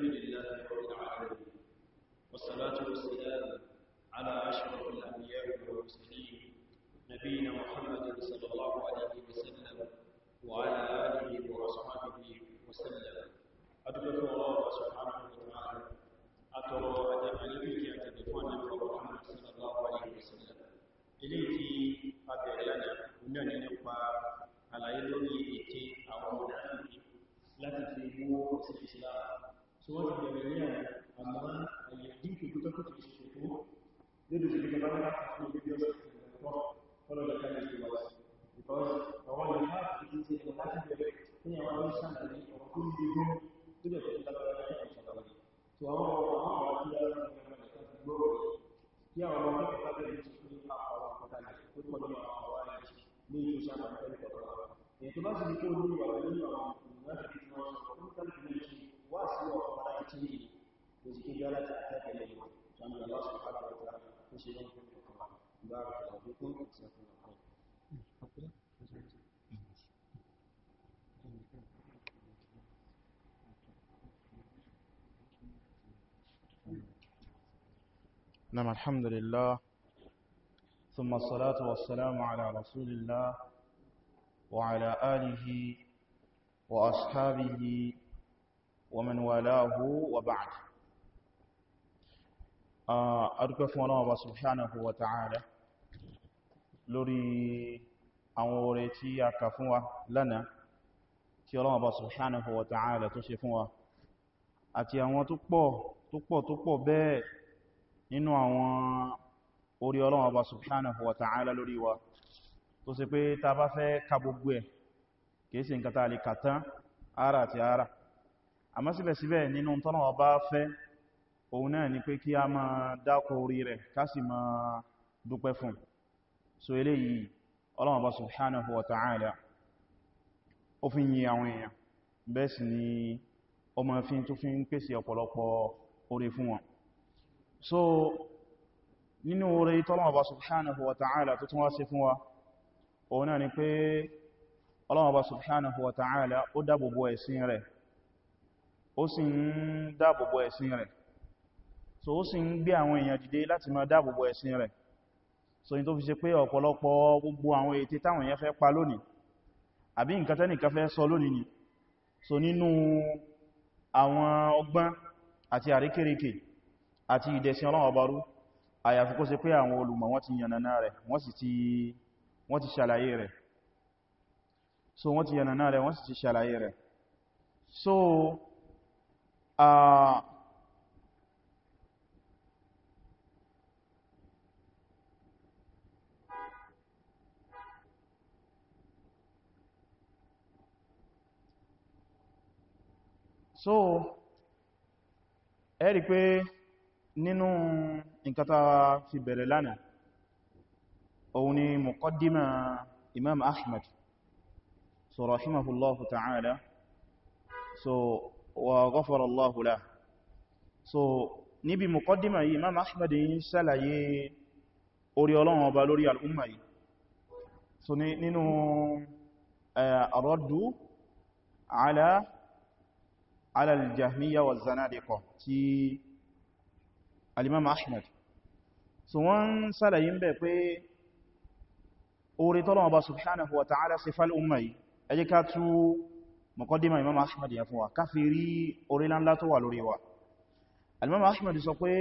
الحمد لله رب العالمين والصلاة والسلام على أشرف الأنبياء والمرسلين نبينا محمد صلى الله عليه وسلم وعلى آله وأصحابه وسلم أدرك الله سبحانه وتعالى أترى أدعى لك أتدفعنا محمد صلى الله عليه وسلم إليك أبعلنا ونحن نبقى àlàyé على ète àwọn أو láti fi mú sí Islam suwar da gariya amma a yankin ki kuta kuta ki shi ko yadda shi gaba na su bidiyo su ko kono da kan shi wasu because a wani ha ki ce da na ta da kun ya wani san da ni ko kun bi go duk da kun da ba da kan shi ba to a wani ba ma ba ki da kan shi go ya wani ba ka da ni ki ka fa wa ka da ku ko ni a wa ya ci ni ku san da kai ko ba ne to ba su ko ni wa ni wa na da ki ma ko kan ni ci wasu wa تأتي وذكر ولا تأتاك إليها الله سبحانه وتعالى يشهد لكم بارك الله فيكم وجزاكم الله نعم الحمد لله ثم الصلاة والسلام على رسول الله وعلى آله وأصحابه ومن والاه وبعد adúpẹ́ fún Ọlọ́run Ọba subhanahu wa ta'ala lórí àwọn oore tí a kà fún wa lánàá tí Ọlọ́run Ọba subhanahu wa ta'ala tó ṣe fún wa àti àwọn tó pọ̀ tó pọ̀ tó pọ̀ bẹ́ẹ̀ nínú àwọn oore Ọlọ́run Ọba subhanahu wa ta'ala lórí wa tó ṣe pé ta bá fẹ́ ka gbogbo ẹ̀ kìí sí nǹkan ta lè kàtán ara àti ara àmọ́ síbẹ̀síbẹ̀ nínú tọ́nà ọba fẹ́ òun náà ni pé kí a máa dákò orí rẹ̀ ma sì dúpẹ́ fún so eléyìí Ọlọ́run Ọba subhanahu wa ta'ala ó fi yin àwọn èèyàn bẹ́ẹ̀ sì ni ó máa fi tó so nínú orí tọ́nà subhanahu wa ta'ala tó tún wá ṣe fún wa òun náà ni pé subhanahu wa ta'ala ó dábòbò ẹ̀sìn rẹ̀ ó sì ń dáàbòbò ẹ̀sìn rẹ̀ so ó sì ń gbé àwọn èèyàn dìde láti máa dáàbòbò ẹ̀sìn rẹ̀ so ní tó fi ṣe pé ọ̀pọ̀lọpọ̀ gbogbo àwọn ète táwọn èèyàn fẹ́ pa lónìí àbí nǹkan tẹ́nìkan fẹ́ sọ lónìí ni so nínú àwọn ọgbọ́n àti àríkèrèkè àti ìdẹ̀sìn ọlọ́run ọbarú àyàfi kó ṣe pé àwọn olùmọ̀ wọ́n ti yànnàná rẹ̀ wọ́n so wọ́n ti yànnàná rẹ̀ wọ́n so so ẹ rí pé nínú nǹkan tá fi bẹ̀rẹ̀ lánàá òun ni muqaddima imam ahmad so rahimahullahu ta'ala so wa ghafara Allahu lahu so níbi muqaddima yìí Imam Ahmad yìí ṣàlàyé orí Ọlọ́run ọba lórí al'umma yìí so nínú ar-raddu ala ala al-jahmiyya wa zanadiqa ti al-Imam Ahmad so wọ́n ṣàlàyé ń bẹ̀ pé orí tọ́lọ́run ọba subhanahu wa ta'ala sí fal'umma yìí ẹ jẹ́ ká tú mọ̀kọ́dímà imam ahmad ya fún wa káfí rí orílẹ̀-ńlá tó wà lórí wa alimam ahmad sọ pé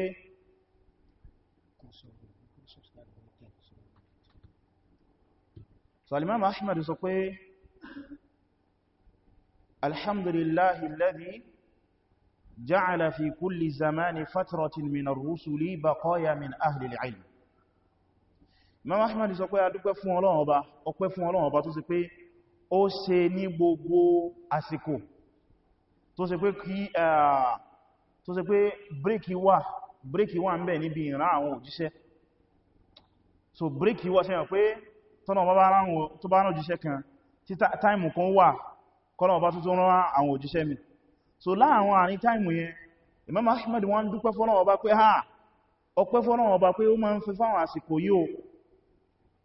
so alimam ahmad sọ pé alhamdulillahi alladhi ja'ala fi kulli zamani fatratin min ar-rusuli baqaya min ahli al-ilm imam ahmad sọ pé a dúpẹ́ fún Ọlọ́run tó sì pé ó se ní gbogbo àsìkò tó se pé kí tó ṣe pé bríkì wà bríkì wà ń bẹ níbi àwọn òjíṣẹ́ so bríkì wà ṣe pé tọ́nà bá bá rán òjíṣẹ́ kan tí táìmù kan wà kọ́nà ọba tó tó rán àwọn òjíṣẹ́ mi so láàrin àárín táìmù yẹn Imam Ahmad wọ́n dúpẹ́ fọ́nà ọba pé ha ọpẹ́ fọ́nà ọba pé ó máa ń fi fáwọn o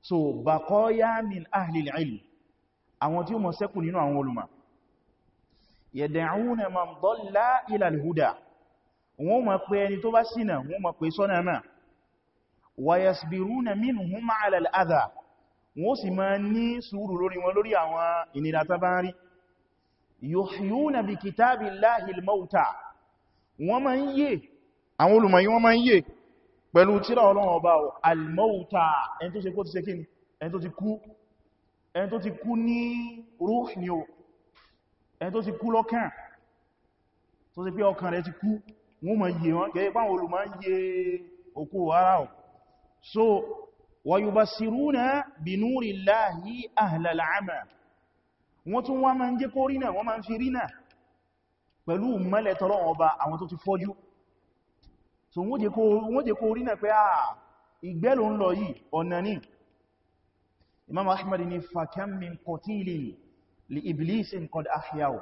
so baqaya min ahlil ilm àwọn tí ó mọ̀ sẹ́kù nínú àwọn olùmọ̀ yad'una man dalla ila al-huda wọ́n máa pe ẹni tó bá ṣìnà wọ́n máa pe sọ́nà náà wa yasbiruna minhum ala al-adha wọ́n sì máa ní sùúrù lórí wọn lórí àwọn ìnira tá bá ẹni tó ti kú ní ruh ni o ẹni tó ti kú lọ́kàn tó ti pé ọkàn rẹ̀ ti kú wọ́n ma yẹ wọn gẹ́gẹ́ báwọn olùmọ̀ ń yẹ òkú ara ọ̀ so wa yubassiruna bi nurillahi ahlal ama wọ́n tún wọ́n ma ń jẹ́ kó rínà wọ́n ma ń fi rínà pẹ̀lú mẹ́lẹ̀ tọ́rọ ọba àwọn tó ti fọ́jú so wọ́n jẹ́ kó rínà pé à ah, ìgbẹ́ ló ń lọ yìí ọ̀nà ni imam ahmad ni fakam min qatilin li iblisin qad ahya'u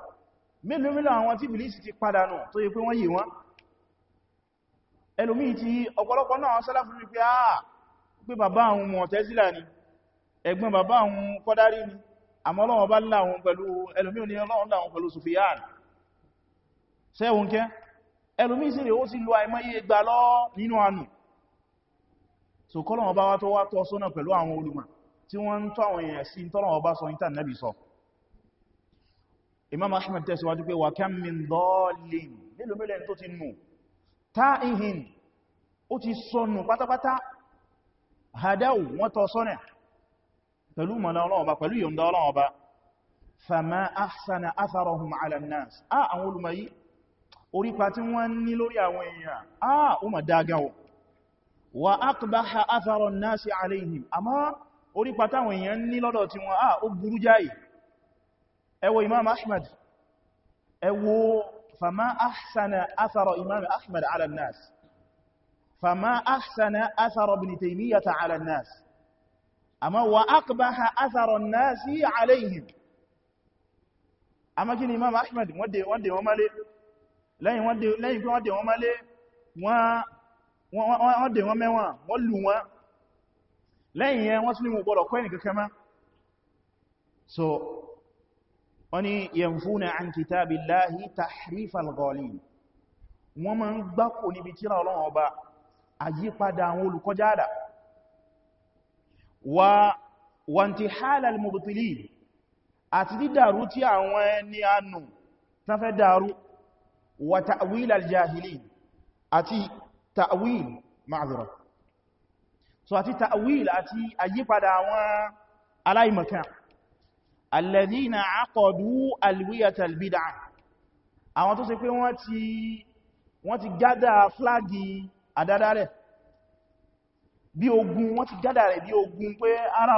mélòó mélòó àwọn tí iblisi ti padànù tó yẹ pé wọ́n yìí wọ́n ẹlòmí ti ọ̀pọ̀lọpọ̀ náà sálàfún ní pé àà ah, pé bàbá àwọn mọ̀tẹ́sílà ni ẹ̀gbọ́n bàbá àwọn kọ́dárí ni àmọ́ Ọlọ́run bá láwọn pẹ̀lú ẹlòmí ò ní Ọlọ́run láwọn pẹ̀lú Sufyan sẹ́wọ̀n kẹ́ ẹlòmí sí rẹ̀ ó sì lo àìmọye gbà lọ nínú ànù so kọ́lọ̀wọ̀n bá wá tó wá tọ́ sọ́nà pẹ̀lú àwọn olùmọ̀ tí wọ́n ń tọ́ àwọn èèyàn sí tọ́rọ ọba sọ ní tàn nábi sọ imam ahmed tẹ́síwájú pé wà kam min dhalin nílò mílẹ̀ tó ti mù ta'ihin ó ti sọnù pátápátá hadau wọ́n tọ́ sọ́nà pẹ̀lú mọ̀lá wa aqbaha athara an-nas alayhim àmọ́ orí pátáwọn èèyàn ní lọ́dọ̀ tí wọ́n ah ó gúrú jáì ẹwọ imam ahmad ẹwọ fama àṣàna athara imam ahmad alannas fama àṣàna athara ibn taymiyyata ala nas amma wa aqbaha ha an-nas alayhim amma kini imam ahmad wọ́n wọ́n dè lẹ́yìn wọ́n dè wọ́n mẹ́wàá wọ́n lù wọ́n lẹ́yìn yẹn wọ́n tún ní mú gbọ́dọ̀ kọ́ ẹnìkan kẹma so wọ́n ni yanfuna an kitabillahi tahrifal ghalin wọ́n ma ń gbákò níbi tírà Ọlọ́run ọba àyípadà àwọn olùkọjáàdà wa wantihal al-mubtilin àti dídàrú tí àwọn ẹni ànù so àti ta'wil àti àyípadà àwọn aláìmọ̀kan alladhina aqadu alwiyata albid'a àwọn tó ṣe pé wọ́n ti wọ́n ti gádà flagi àdádá rẹ̀ bí ogun wọ́n ti gádà rẹ̀ bí ogun pé ara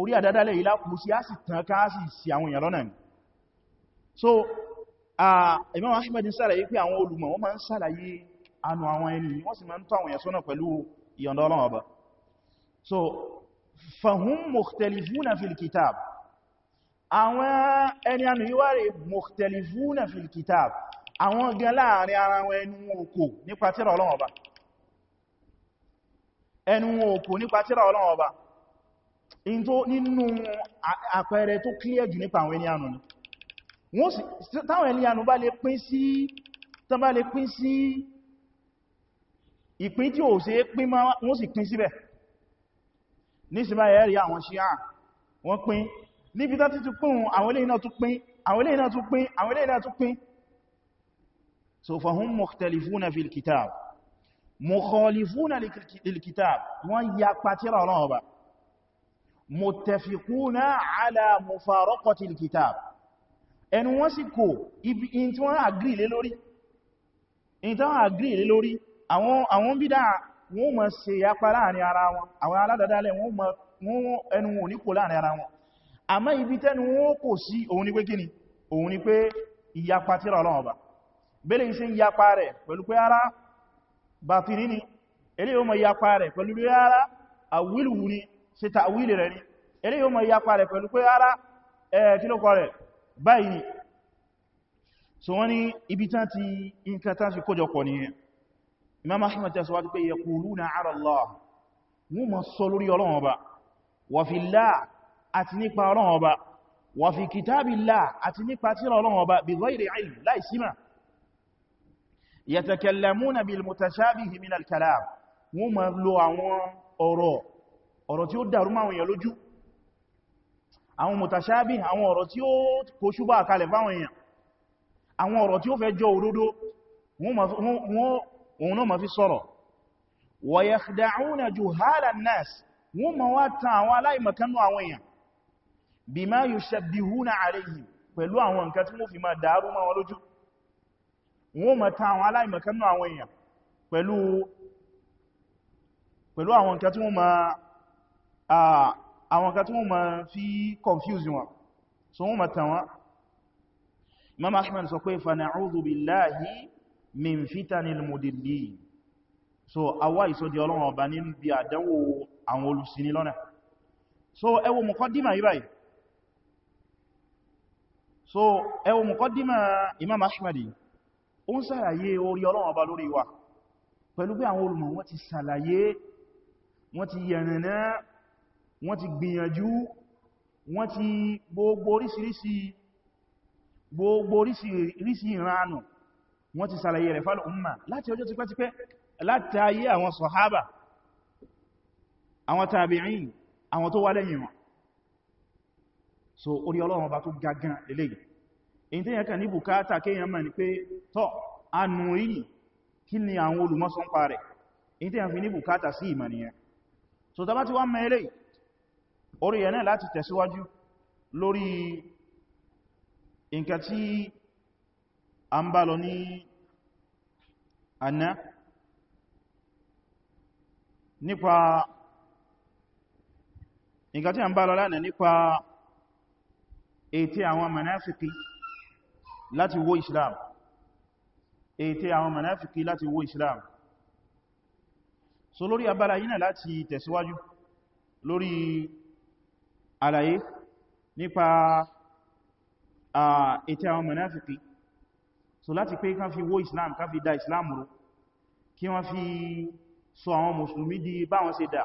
orí àdádá rẹ̀ ìlà kù sí á sì tàn ká sì sí àwọn èèyàn lọ́nà so Imam Ahmad ń ṣàlàyé pé àwọn olùmọ̀ wọ́n máa ń ṣàlàyé ànú àwọn ẹni wọ́n sì máa ń tọ́ àwọn èèyàn sọ́nà pẹ̀lú ìyọ̀ndọ́ ọlọ́run ọba so fahum mukhtalifuna fil kitab àwọn ẹni àmì wíwárí mukhtalifuna fil kitab àwọn gan láàrin ara wọn ẹnu òkò nípa tírà ọlọ́run ọba ẹnu òkò nípa tírà ọlọ́run ọba nínú àpẹẹrẹ tó clear jù nípa àwọn ẹni ànù ni táwọn ẹni ànù bá lè pín sí ìpín tí ò ṣe pín má wọ́n sì pín síbẹ̀ ní sí báyẹ̀ rí àwọn ṣíà wọ́n pín níbi tó títí pín àwọn ilé iná tún pín àwọn ilé iná tún pín àwọn ilé iná tún pín so fahum mukhtalifuna fil kitab mukhalifuna lil kitab wọ́n ya pàtíra ọlọ́run ọba àwọn àwọn bídá wọ́n máa ṣe yapa láàrin ara wọn àwọn aládàdálẹ̀ wọ́n máa ẹnu wọn ní kò láàrin ara wọn àmọ́ ibi tẹ́nu wọn kò sí òun ni pé kíni òun ni pé ìyapa tíra ọlọ́run ọba bẹ́lẹ̀ iṣẹ́ ìyapa rẹ̀ pẹ̀lú pé ara bàtìrí ni eléyìí ó máa ìyapa rẹ̀ pẹ̀lú pé ni ṣe tàwílì so wọ́n ni ibi tán ti nǹkan tán kójọpọ̀ nìyẹn imam ahmad ta sọ́wọ́ pé yaquluna ala Allah mú ma sọ lórí ọlọ́run ọba wa fillah àti nípa ọlọ́run ọba wa fi kitabillah àti nípa tíra ọlọ́run ọba bi ghayri ilm láìsíma yatakallamuna bil mutashabihi min al kalam mú ma lo àwọn ọ̀rọ̀ ọ̀rọ̀ tí ó dàrú òun náà ma fi sọ̀rọ̀ wa yakhda'una juhalan nas wọ́n ma wá tan àwọn aláìmọ̀kánú àwọn èèyàn bima yushabbihuna alayhim pẹ̀lú àwọn nǹkan tí wọ́n fi ma dàrú ma wọn lójú wọ́n ma tan àwọn aláìmọ̀kánú àwọn èèyàn pẹ̀lú pẹ̀lú àwọn nǹkan tí wọ́n ma àwọn ma wọ́n ma Imam Ahmad sọ pé fa na'udhu billahi min fitanil mudilli so awa ìsọdí ọlọ́run ọba ní bí àdánwò àwọn olùsìní lọ́nà so ẹ wo muqaddima yìí báyìí so ẹ wo muqaddima imam ahmadi ó ń sàlàyé orí ọlọ́run ọba lórí wa pẹ̀lú bí àwọn olùmọ̀ wọ́n ti sàlàyé wọ́n ti yẹ̀rìnà wọ́n ti gbìyànjú wọ́n ti gbogbo orísìírísìí gbogbo orísìírísìí ìranù wọ́n ti sàlàyé rẹ̀ fàlù umma láti ọjọ́ tipẹ́tipẹ́ láti ayé àwọn sọ̀hábà àwọn tàbí'in àwọn tó wà lẹ́yìn wọn so orí ọlọ́run ọba tó gagan lélẹ́yìn èyí tí yẹn kà ní bùkátà kéèyàn mọ̀ ní pé tọ́ anú yìí kí ni àwọn olùmọ́sán pa so tàbá ti wá mẹ́ eléyìí orí yẹn náà láti tẹ̀síwájú a ń bá lọ ní àná nípa nǹkan tí a ń bá lọ lánàá nípa ètí àwọn manáfikí láti wó islam ètí àwọn manáfikí láti wó islam so lórí abala yínà láti tẹ̀síwájú lórí àlàyé nípa ètí àwọn manáfikí so láti pé kán fi wó islam kán fi dá islam rú kí wọ́n fi sọ àwọn mùsùlùmí di báwọn ṣe dà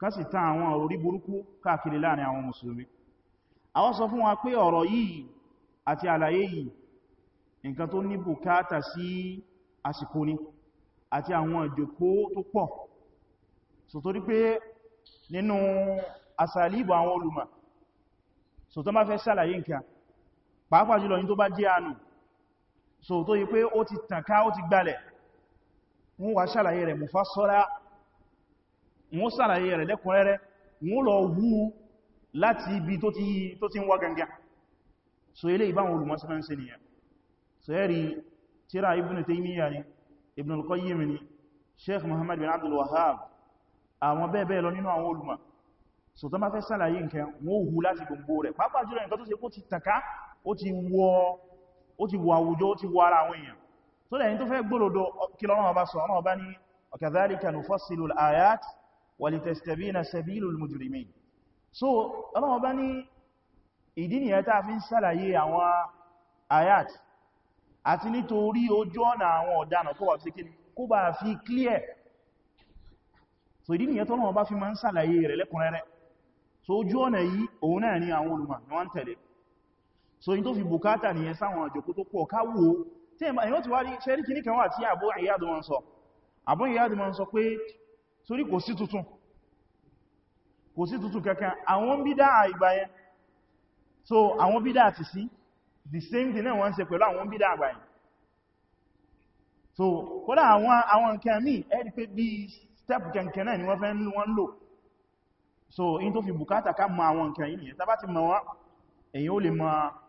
kán sì tán àwọn orí burúkú káàkiri láàrin àwọn mùsùlùmí àwọn sọ fún wa pé ọ̀rọ̀ yìí àti àlàyé yìí nǹkan tó ní bùkátà sí àsìkò ni àti àwọn ìjòkó tó pọ̀ so torí pé nínú asàlìbò àwọn olùmọ̀ so tó bá fẹ́ ṣàlàyé nǹkan pàápàá jùlọ yìí tó bá jẹ́ àánú so tó yí pé ó ti tànká ó ti gbalẹ̀ wọ́n wá ṣàlàyé rẹ̀ mufassala wọ́n ṣàlàyé rẹ̀ lẹ́kùnrẹ́rẹ́ wọ́n lọ wú láti ibi tó ti ń wá ganga so ilé ìbáwọn olùmọ́sílẹ́nsẹ̀ nìyàn so yẹ́rì tíra ibn Taymiyyah ni ibn al-Qayyim ni sheikh Muhammad bin Abdul Wahhab àwọn bẹ́ẹ̀bẹ́ẹ̀ lọ nínú àwọn olùmọ̀ so ti tànká ó ti wọ àwùjọ ó ti wọ ara àwọn èèyàn tó lẹ́yìn tó fẹ́ gbòròdó kí lọ́rọ̀ ọba sọ ọ̀rọ̀ so ọlọ́rọ̀ ọba ní ìdí nìyẹn tá fi ń ṣàlàyé àwọn ayat àti so ìdí nìyẹn tọ́lọ́rọ̀ ọba fi máa ń ṣàlàyé rẹ̀ lẹ́kùnrẹ́rẹ́ so ojú ọ̀nà yìí òun náà ni àwọn olùmọ̀ ni wọ́n tẹ̀lé so in tó fi bùkátà nìyẹn sáwọn àjòkó tó pọ̀ káwò tí èyàn ti wá rí ṣẹ́rí kìní kan wà tí àbọ́ ìyádù wọn sọ àbọ́ ìyádù wọn sọ pé sórí kò sí tuntun kò sí tuntun kankan àwọn bídá àìgbáyẹn so àwọn bídá àti sí the same thing náà wọ́n ṣe pẹ̀lú àwọn bídá àgbáyẹn so kódà àwọn àwọn nǹkan míì ẹ́rí pé bí step kankan náà ni wọ́n fẹ́ wọ́n lò so in tó fi bùkátà ká mọ àwọn nǹkan yìí nìyẹn tá bá ti mọ̀ wọ́n èyàn ó lè mọ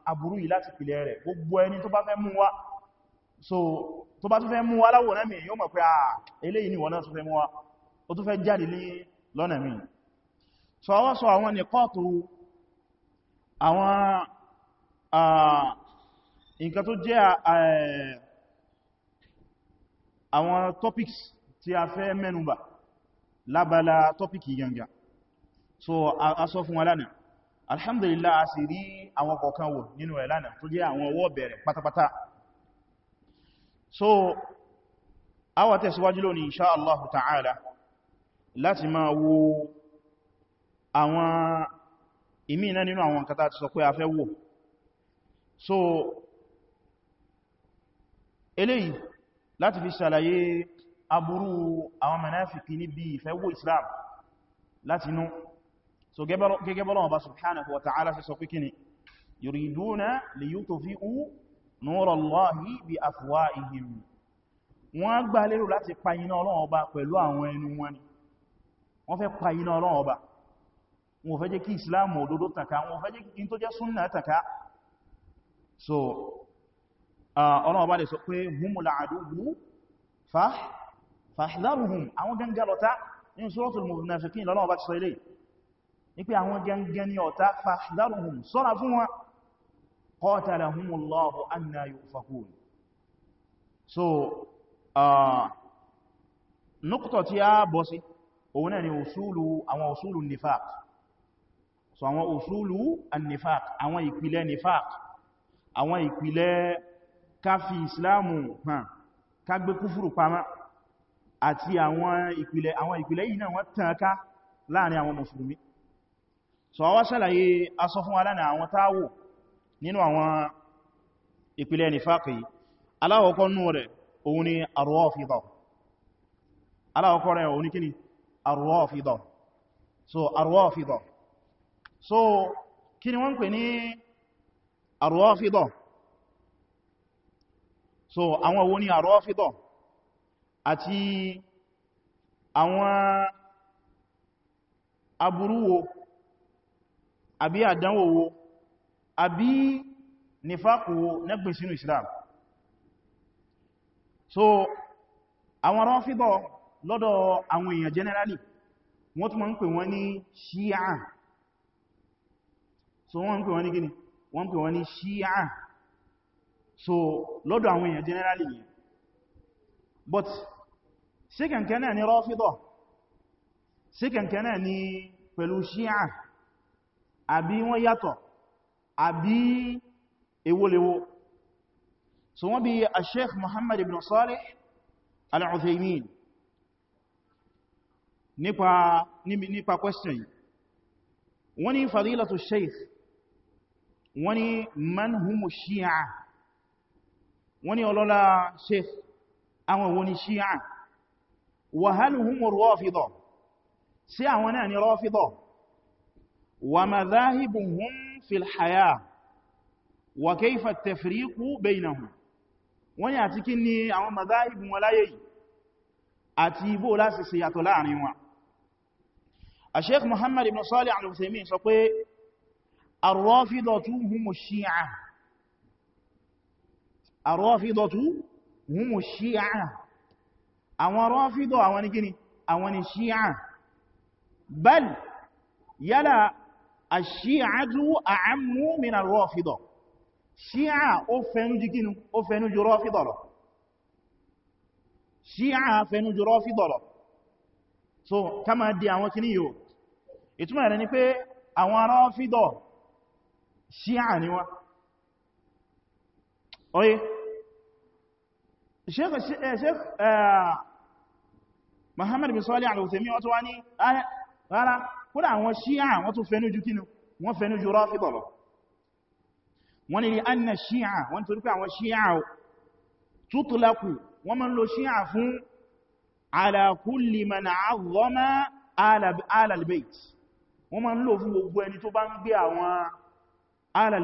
aburú yìí láti pìlẹ̀ rẹ̀ gbogbo ẹni tó bá fẹ́ mú wá so tó bá tún fẹ́ mú wá láwọ̀ náà mi èyàn mọ̀ pé àà ah, eléyìí ni wọ́n náà tún fẹ́ mú wá ó tún fẹ́ jáde ní lọ́nà mi so àwọn sọ àwọn nìkọ́ọ̀tù àwọn nǹkan tó jẹ́ àwọn topics tí a fẹ́ mẹ́nubà lábala topic yìí so a sọ fún wa lánàá alhamdulillah a sì rí àwọn kọ̀ọ̀kan wò nínú ẹ̀ lánàá tó jẹ́ àwọn ọwọ́ bẹ̀rẹ̀ pátápátá so àwa tẹ̀síwájú lónìí insha Allah ta'ala láti máa wo àwọn ìmìnà nínú àwọn nǹkan tá ti sọ pé a fẹ́ wò so eléyìí láti fi ṣàlàyé aburú àwọn manáfikì níbi ìfẹ́ wò Islam láti no so gẹ́gẹ́ bọ́lọ́wọ́ bá subhanahu wa ta'ala ṣe sọ pínkini yuriduna liyutfi'u nurallahi bi afwahihim wọ́n gbà lérò láti pa iná Ọlọ́run Ọba pẹ̀lú àwọn ẹnu wọn ni wọ́n fẹ́ pa iná Ọlọ́run Ọba nípé àwọn gẹngẹn ní ọ̀tá fahdaruhum sọ́ra fún wọn qatalahumullahu anna yufakun so nukta tí a bọ́ sí òun náà ni òṣúlù àwọn òṣúlù nifaq so àwọn òṣúlù annifaq àwọn ìpìlẹ̀ nifaq àwọn ìpìlẹ̀ káfí islamu hàn kágbé kúfùrù pamá àti àwọn ìpìlẹ̀ yìí náà wọ́n tàn ká láàrin àwọn mùsùlùmí so àwọn ṣàlàyé aṣọ fún alánà àwọn táwò nínú àwọn ìpìlẹ̀ nìfàkì aláwọ̀kọ́ nú rẹ̀ òun ni arọ́fìdọ̀ aláwọ̀kọ́ rẹ̀ òun ni kíni arọ́fìdọ̀ so arọ́fìdọ̀ so kíni wọ́n pè ní arọ́fìdọ̀ so àwọn òun ni arọ́fìdọ̀ àti àwọn àbí àdánwò wo àbí nífàkù wo nẹ́gbìn sínú islam so àwọn Rāfidah lọ́dọ̀ àwọn èèyàn generally wọ́n tún ma ń pè wọ́n ní ṣíà so wọ́n ń pè wọ́n ní gíní wọ́n pè wọ́n ní ṣíà so lọ́dọ̀ àwọn èèyàn generally yìí but sí kẹ̀kẹ́ náà ni Rāfidah sí náà ni pẹ̀lú ṣíà àbí wọ́n yàtọ̀ àbí ewolewo so wọ́n bí a sheikh muhammad ibn salih al-uthaymin nípa nípa question wọ́n ní fadilatu sheikh wọ́n ní man humu shi'a wọ́n ní ọlọ́lá sheikh àwọn wọ́n ní shi'a wa hal humu rọ́fidọ̀ sí àwọn náà ni rọ́fidọ̀ ومذاهبهم في الحياة وكيف التفريق بينهم وني اتكني او مذاهب ولا اتي بو لا سياتو لا ارين وا الشيخ محمد بن صالح العثيمين سو بي الرافضه هم الشيعه الرافضه هم الشيعه او رافضه او ني او ني شيعه بل يلا الشيعة أعم من الرافضة شيعة أفنو جكينو أفنو جرافضة له شيعة أفنو جرافضة له so kama di àwọn kini yo ìtumọ̀ rẹ̀ ni pé àwọn Rāfidah Shia ni wá oye Sheikh Sheikh eh, eh, Muhammad bin Salih al kódà àwọn ṣíà wọ́n tún fẹ́nú ju kínú wọ́n fẹ́nú ju Rāfidah lọ wọ́n ni anna ṣíà wọ́n torí pé àwọn ṣíà tútùlákù wọ́n mọ́ lo ṣíà fún ala kulli man 'aẓẓama ahlal bayt wọ́n mọ́ lo fún gbogbo ẹni tó bá ń gbé àwọn ahlal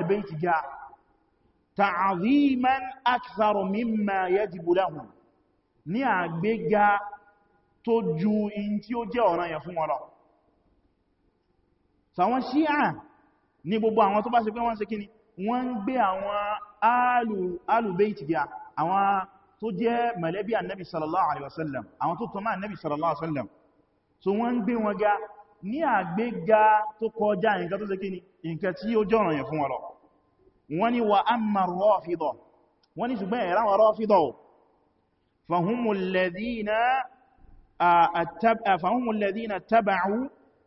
àgbéga tó ju in tí ó jẹ́ ọ̀ranyàn fún wọn lọ so àwọn ṣíà ní gbogbo àwọn tó bá ṣe pé wọ́n ṣe kíni wọ́n ń gbé àwọn alùbẹ́ìtì bí àwọn tó jẹ́ mẹ̀lẹ́bí annabi sallallahu alaihi wasallam àwọn tó tọ́mà annabi sallallahu alaihi wasallam so wọ́n ń gbé wọn ga ní àgbéga tó kọjá nǹkan tó ṣe kíni nǹkan tí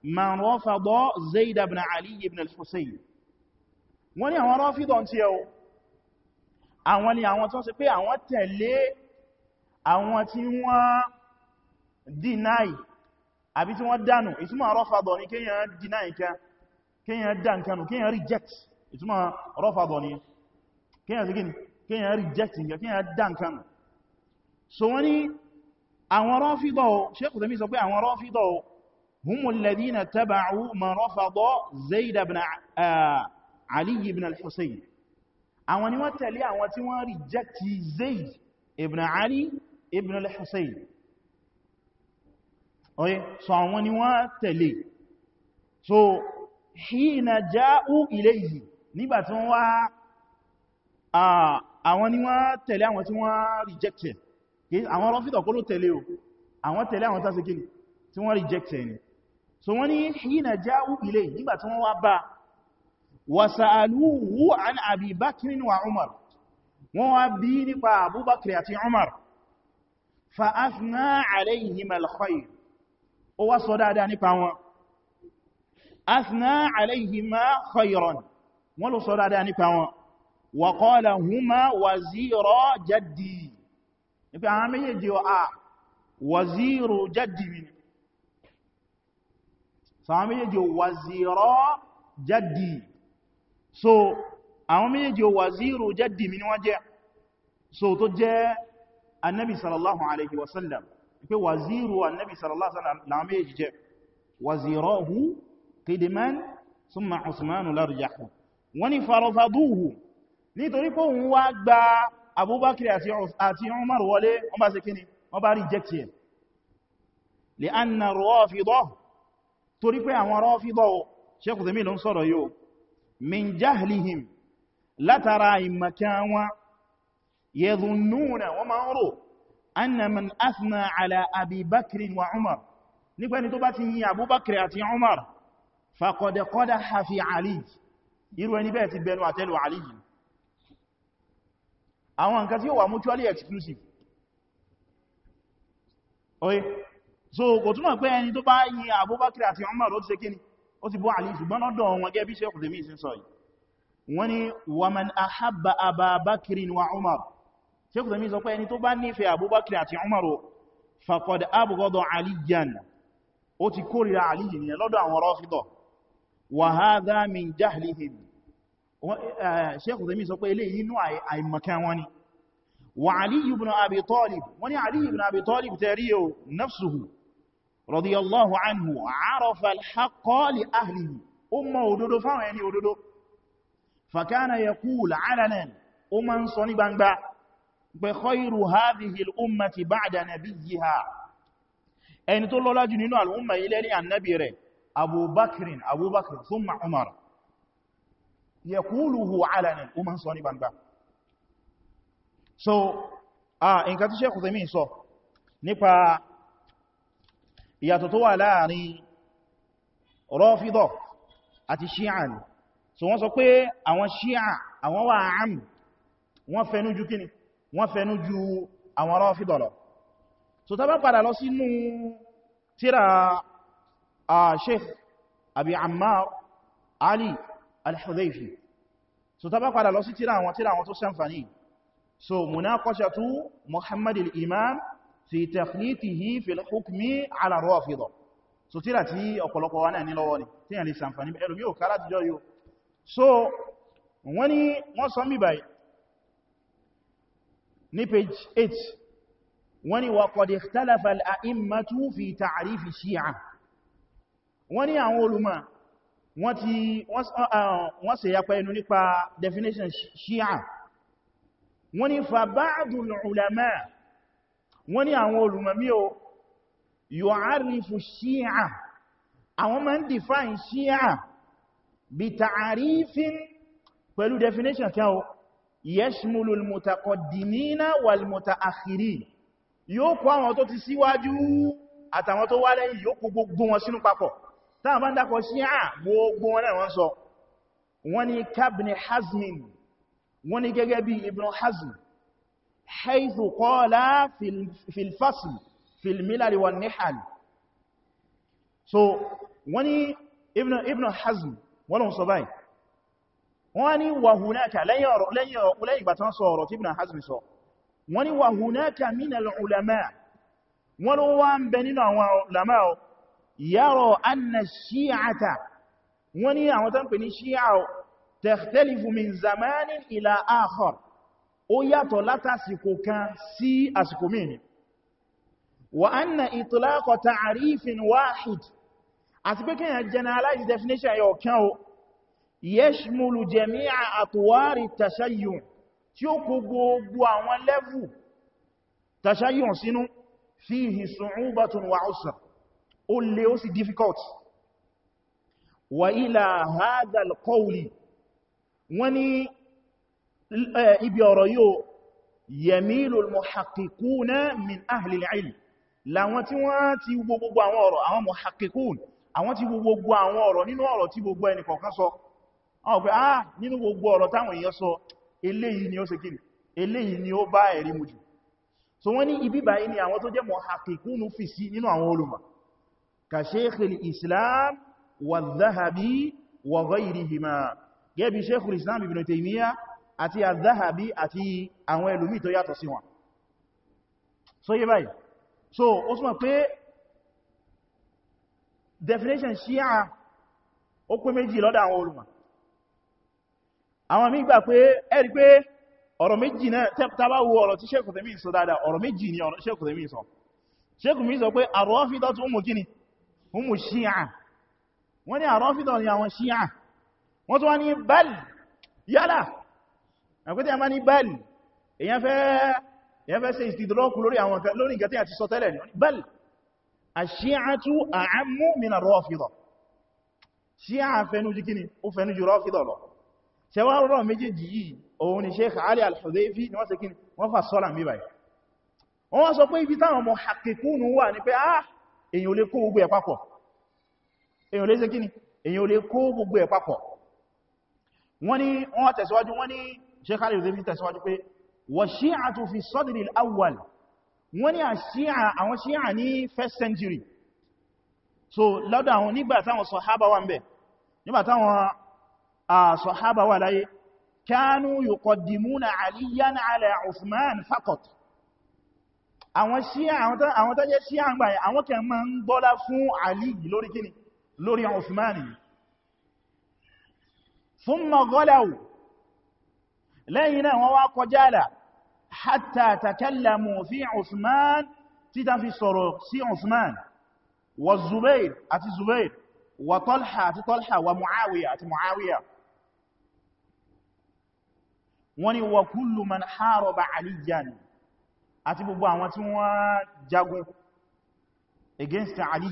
man rafada zaid ibn ali ibn al-husayn wọ́n ní àwọn rafida nti o àwọn ni àwọn ton ṣe pé àwọn tẹ̀lé àwọn tí wọ́n deny àbí tí wọ́n dànù ìtumọ̀ rafada ni kéèyàn deny kan kéèyàn dá nǹkan nù kéèyàn reject ìtumọ̀ rafada ni kéèyàn ṣe kíni kéèyàn reject nǹkan kéèyàn dá nǹkan so wọ́n ní àwọn rafida هم الذين تبعوا من رفض زيد بن علي بن الحسين àwọn ni wọ́n tẹ̀lé àwọn tí wọ́n reject zayd ibn ali ibn al-husayn oye so àwọn ni wọ́n tẹ̀lé so hina ja'u ilayhi nígbà tí wọ́n wá àwọn ni wọ́n tẹ̀lé àwọn tí wọ́n reject àwọn rọ́fíìtọ̀ kó ló tẹ̀lé o àwọn tẹ̀lé àwọn tásíkí tí wọ́n reject ẹni so wọ́n ní hina jáwú ilé nígbà tí wọ́n wá bá wasa'aluhu an Abi Bakr wa Umar wọ́n wá bi nípa Abu Bakr àti Umar fa athna alayhim al-khayr ó wá sọ dáadáa nípa wọn athna ma khayran wọ́n ló sọ dáadáa nípa wọn wa qala huma wazira jaddi nípa àwọn méjèèjì wa wazira jaddi mi so àwọn méjèèjì ò wàzírọ́ jádì so àwọn méjèèjì ò wàzírò jádì mi ni wọ́n jẹ́ so tó jẹ́ annabi sallallahu alaihi wasallam pé wàzírò annabi sallallahu alaihi wasallam láwọn méjèèjì jẹ́ wazirahu qidman thumma usmanu larjahu wani farafaduhu nítorí pé òun wá gba abubakar àti umar wọlé wọ́n bá ṣe kíni wọ́n bá reject ẹ̀ li'anna rafidah torí pé àwọn Rāfidah o ṣẹ́kù tẹ́mí ló ń sọ̀rọ̀ yóò min jahlihim látara ìmọ̀kẹ́ wọn yadhunnūna wọ́n máa ń rò anna man athna ala Abi Bakr wa Umar nípa ẹni tó bá ti yìn Abu Bakr àti Umar faqad qadaha fi exclusive oye so kò túnmọ̀ pé ẹni tó bá yin Abubakar àti Umar ó ti ṣe kíni ó ti bú Ali ṣùgbọ́n lọ́dọ̀ wọn gẹ́ bí Sheikh Uthaymeen sí sọ yìí wọ́n ni waman ahabba Abubakar wa Umar Sheikh Uthaymeen sọ pé ẹni tó bá nífẹ̀ẹ́ Abubakar àti Umar faqad abghada Aliyan ó ti kórìíra Ali nìyẹn lọ́dọ̀ àwọn Rāfidah wa hadha jahlihim eh, Sheikh Uthaymeen sọ pé eléyìí inú àìmọ̀kan wọn ni wa Ali ibn Abi Talib wọ́n ni ibn Abi Talib tẹ́rí nafsuhu radiyallahu anhu àárọ̀fà alhaqqa ahlihi ó mọ̀ òdodo fáwọn ẹni òdodo fàkánà yẹ kú la'alanan ó ma ń sọ ní gbangba pé khairu hadhihi al'ummati ba'da nabiyyiha ẹni tó lọ́lá jù nínú al'umma ilẹ̀ ní annabi rẹ̀ abubakrin abubakrin thumma umar yẹ alanan ó ma ń sọ ní gbangba so a ah, nǹkan tí Sheikh Uthaymeen sọ nípa ìyàtọ̀ tó wà láàrin rọ́fídọ̀ àti ṣíà ni so wọ́n sọ pé àwọn ṣíà àwọn wà àm wọ́n fẹnu ju kíni wọ́n fẹnu ju àwọn rọ́fídọ̀ lọ so ta bá padà lọ sínú tíra a sheikh abi ammar ali al-hudhaifi so ta bá padà lọ sí tíra àwọn tíra àwọn tó sẹ́nfà fi tafnitihi fi hukmi ala rafida so tírà tí ọ̀pọ̀lọpọ̀ wa náà ní lọ́wọ́ ni tí yàn lè sàǹfàní ẹlùm yóò kára jíjọ yóò so wọ́n ni wọ́n sọ mí báyìí ní page 8 wọ́n ni wa qad ikhtalafa al-a'immatu fi ta'rifi shi'a wọ́n ni àwọn olùmọ̀ wọ́n ti ah, wọ́n ṣe yapa ẹnu nípa definition shi'a wọ́n ni fa ba'dul wọ́n ní àwọn olùmọ̀mí o yu'arifu shi'a àwọn ma ń define shi'a bi ta'arifin pẹ̀lú definition kẹ́ o yashmulu al-mutaqaddimina wal-muta'akhirin yóò kó àwọn tó ti síwájú àtàwọn tó wá lẹ́yìn yóò kó gbogbo wọn sínú papọ̀ táwọn bá ń dákọ̀ حيث قال في الفصل في الملل والنحل so wọ́n ní ibn ibn hazm wọ́n lọ sọ báyìí wọ́n ní wa hunaka lẹ́yìn ọ̀rọ̀ lẹ́yìn ọ̀rọ̀ lẹ́yìn ìgbà tán sọ ọ̀rọ̀ tí ibn hazm sọ wọ́n ní wa hunaka min al-ulama wọ́n ló wá ń bẹ nínú àwọn ulama yaro anna shi'ata wọ́n ní àwọn tán pè ní shi'a takhtalifu min zamanin ila akhar ó yàtọ̀ látàsìkò kan sí àsìkò mìíní wa anna itlaqa ta'rifin wahid àti pé kíyàn generalize definition yọ kan o yashmulu jami'a atwari tashayyun tí ó kó gbogbo àwọn level tashayyun sínú fihi su'ubatun wa usra ó le ó sì Eh, ibi ọ̀rọ̀ yóò yẹ̀mílò mọ̀hàkìkún min ahli al-ilm láwọn tí wọ́n ti gbogbo àwọn ọ̀rọ̀ àwọn mọ̀hàkìkún àwọn tí gbogbo àwọn ọ̀rọ̀ nínú ọ̀rọ̀ tí gbogbo ẹni kọ̀ọ̀kan sọ àwọn pé ah, nínú gbogbo ọ̀rọ̀ táwọn èèyàn so wọ́n ní ibi báyìí ni àwọn tó jẹ́ mọ̀hàkìkún fi sí nínú àwọn olùmọ̀ ka sheikhul islam wa zahabi àti àzáhàbí àti àwọn ẹlòmí tó yàtọ̀ sí wọn so yé báyìí so ó súnmọ̀ pé definition ṣíà ó pé méjì lọ́dọ̀ àwọn olùmọ̀ àwọn míì gbà pé ẹ̀rí pé ọ̀rọ̀ méjì náà tẹ́bá wo ọ̀rọ̀ tí Sheikh Uthaymeen sọ dáadáa ọ̀rọ̀ méjì ni ọ̀rọ̀ Sheikh Uthaymeen sọ Sheikh Uthaymeen sọ pé àrọ́fídọ́ tó mú kíni mú ṣíà wọ́n ní àrọ́fídọ́ ni àwọn ṣíà wọ́n tó wá ní bal yálà àkútẹ́ àmá ní bẹ́ẹ̀lì èyàn fẹ́ ṣe ìsìdìdọ́kù lórí àwọn lórí ìgẹ́tẹ́ àti sọ tẹ́lẹ̀ bẹ́ẹ̀lì àṣíyàtú àámú mìnà rọ́fìdọ̀ ṣíyà fẹ́nújú kíni ó fẹ́nújú rọ́fìdọ̀ lọ ṣẹwàrọ̀ méjèèjì yìí òun ni Sheikh Ali al-Hudhayfi ni wọ́n ṣe kíni wọ́n fà sọ́là mí báyìí wọ́n wá sọ pé ibi táwọn ọmọ hakikúnù wà ní pé ah èyàn ò lè tẹ̀síwájú wọ́n ní ṣe kàrí ìrìdẹ̀ fi tẹ̀síwájú pé wà ṣíà tó fi sọ́dìrì awwal wọ́n ni àwọn ṣíà ní first century so lọ́dọ̀ àwọn nígbà táwọn sọ̀hábà wà ń bẹ̀ nígbà táwọn sọ̀hábà wà láyé kánú yuqaddimuna aliyan lẹ́yìn náà wọ́n wá kọjá là hatta takallamu fi Uthman títà fi sọ̀rọ̀ sí Uthman wa Zubair àti Zubair wa Talha àti Talha wa Muawiya àti Muawiya wọ́n ni wa kullu man haraba Aliyan àti gbogbo àwọn tí wọ́n jagun against Ali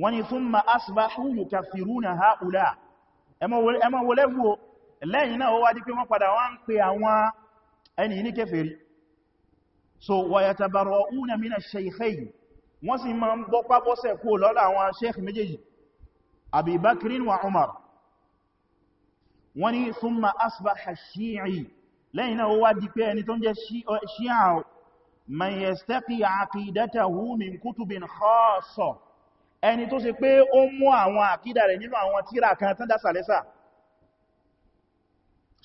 wọ́n ni thumma asbahu yukaffiruna haula ẹmọ wọlẹ́gbò lẹ́yìn náà ó wá di pé wọ́n padà wọ́n ń pe àwọn ẹni ní kèfèrí so wa yatabara'una mina shaykhayn wọ́n sì máa ń bọ́pá bọ́sẹ̀ kú lọ́lá àwọn sheikh méjèèjì Abi Bakrin wa Umar wọ́n ni thumma asbaha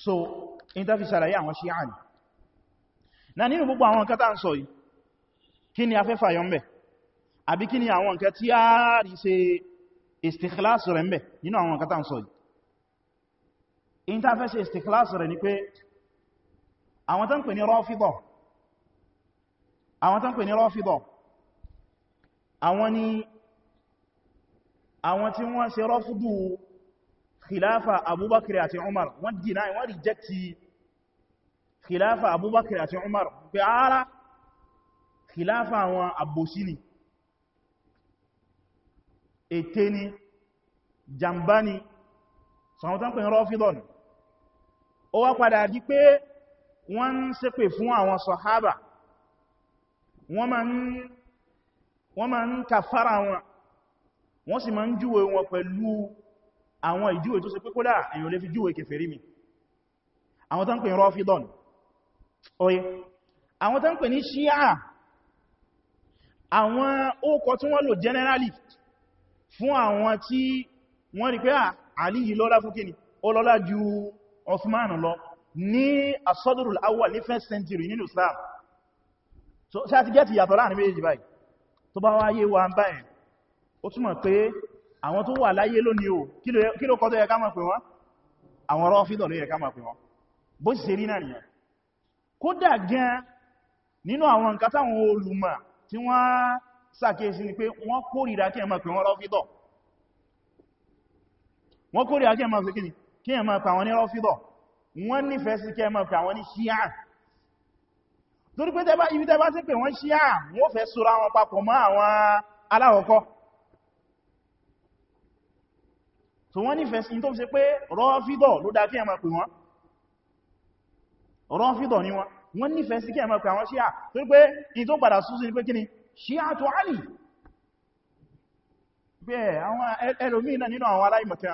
so in ta fi ṣàlàyé àwọn Shia ni na nínú gbogbo àwọn nǹkan tá ń sọ yìí kí ni a fẹ́ fàyọ mẹ́ àbí kí ni àwọn nǹkan tí a rí ṣe istikhlas rẹ̀ mẹ́ nínú àwọn nǹkan tá ń sọ yìí in ta fẹ́ ṣe istikhlas rẹ̀ ni pé àwọn tán pè ní Rāfidah àwọn tán pè ní Rāfidah àwọn ni àwọn tí wọ́n ṣe rọ́fídọ̀ khilafa abubakar àti umar wọ́n deny wọ́n rejecti khilafa abubakar àti umar pé ara khilafa àwọn àbòsí ni ète ni jàmbá ni sọ̀rọ̀tán pè rọ́fidọ̀n ó wá padà di pé wọ́n ń ṣépè fún àwọn sọ̀hábà wọ́n ma ń kàfàrà wọn wọ́n sì ma ń júwe wọn pẹ̀lú àwọn ìjúwe tó ṣe pé kódà èyàn lè fi júwe kèfèrí mi àwọn tán pè Rafidon oye àwọn tán pè ní Shia àwọn ókọ tí wọ́n lò generally fún àwọn tí wọ́n rí pé àlì ah, yìí lọ́lá fún kíni ó lọ́lá ju Osman lọ ní asọ́dúrù awwal ní first century nínú Islam so ṣe àti gẹ́ẹ̀tì yàtọ̀ láàrin méjì báyìí tó bá wáyé wa ń báyìí ó túnmọ̀ pé àwọn tó wà láyé lónìí o kí ló kọ́ tó yẹ ká máa pè wọ́n àwọn Rọ́fídà ló yẹ ká máa pè wọ́n bó sì ṣe rí náà nìyẹn kódà gan nínú àwọn nǹkan táwọn olùmọ̀ tí wọ́n ṣàkíyèsí ni pé wọ́n kórìíra kí ẹ máa pè wọ́n Rọ́fídà wọ́n kórìíra ibi tẹ́bá sí pé wọ́n Ṣíà wọ́n fẹ́ sọ́ra wọn so wọ́n nífẹ̀ẹ́ sí tó fi ṣe pé rọ́fídọ̀ ló dá kí ẹ máa pè wọ́n rọ́fídọ̀ ni wọ́n wọ́n nífẹ̀ẹ́ sí kí ẹ máa pè àwọn ṣíà tó pé in tó padà súnsí ní pé kí ni ṣíà tó alì bẹ́ẹ̀ àwọn ẹlòmí náà nínú àwọn aláìmọ̀kẹ́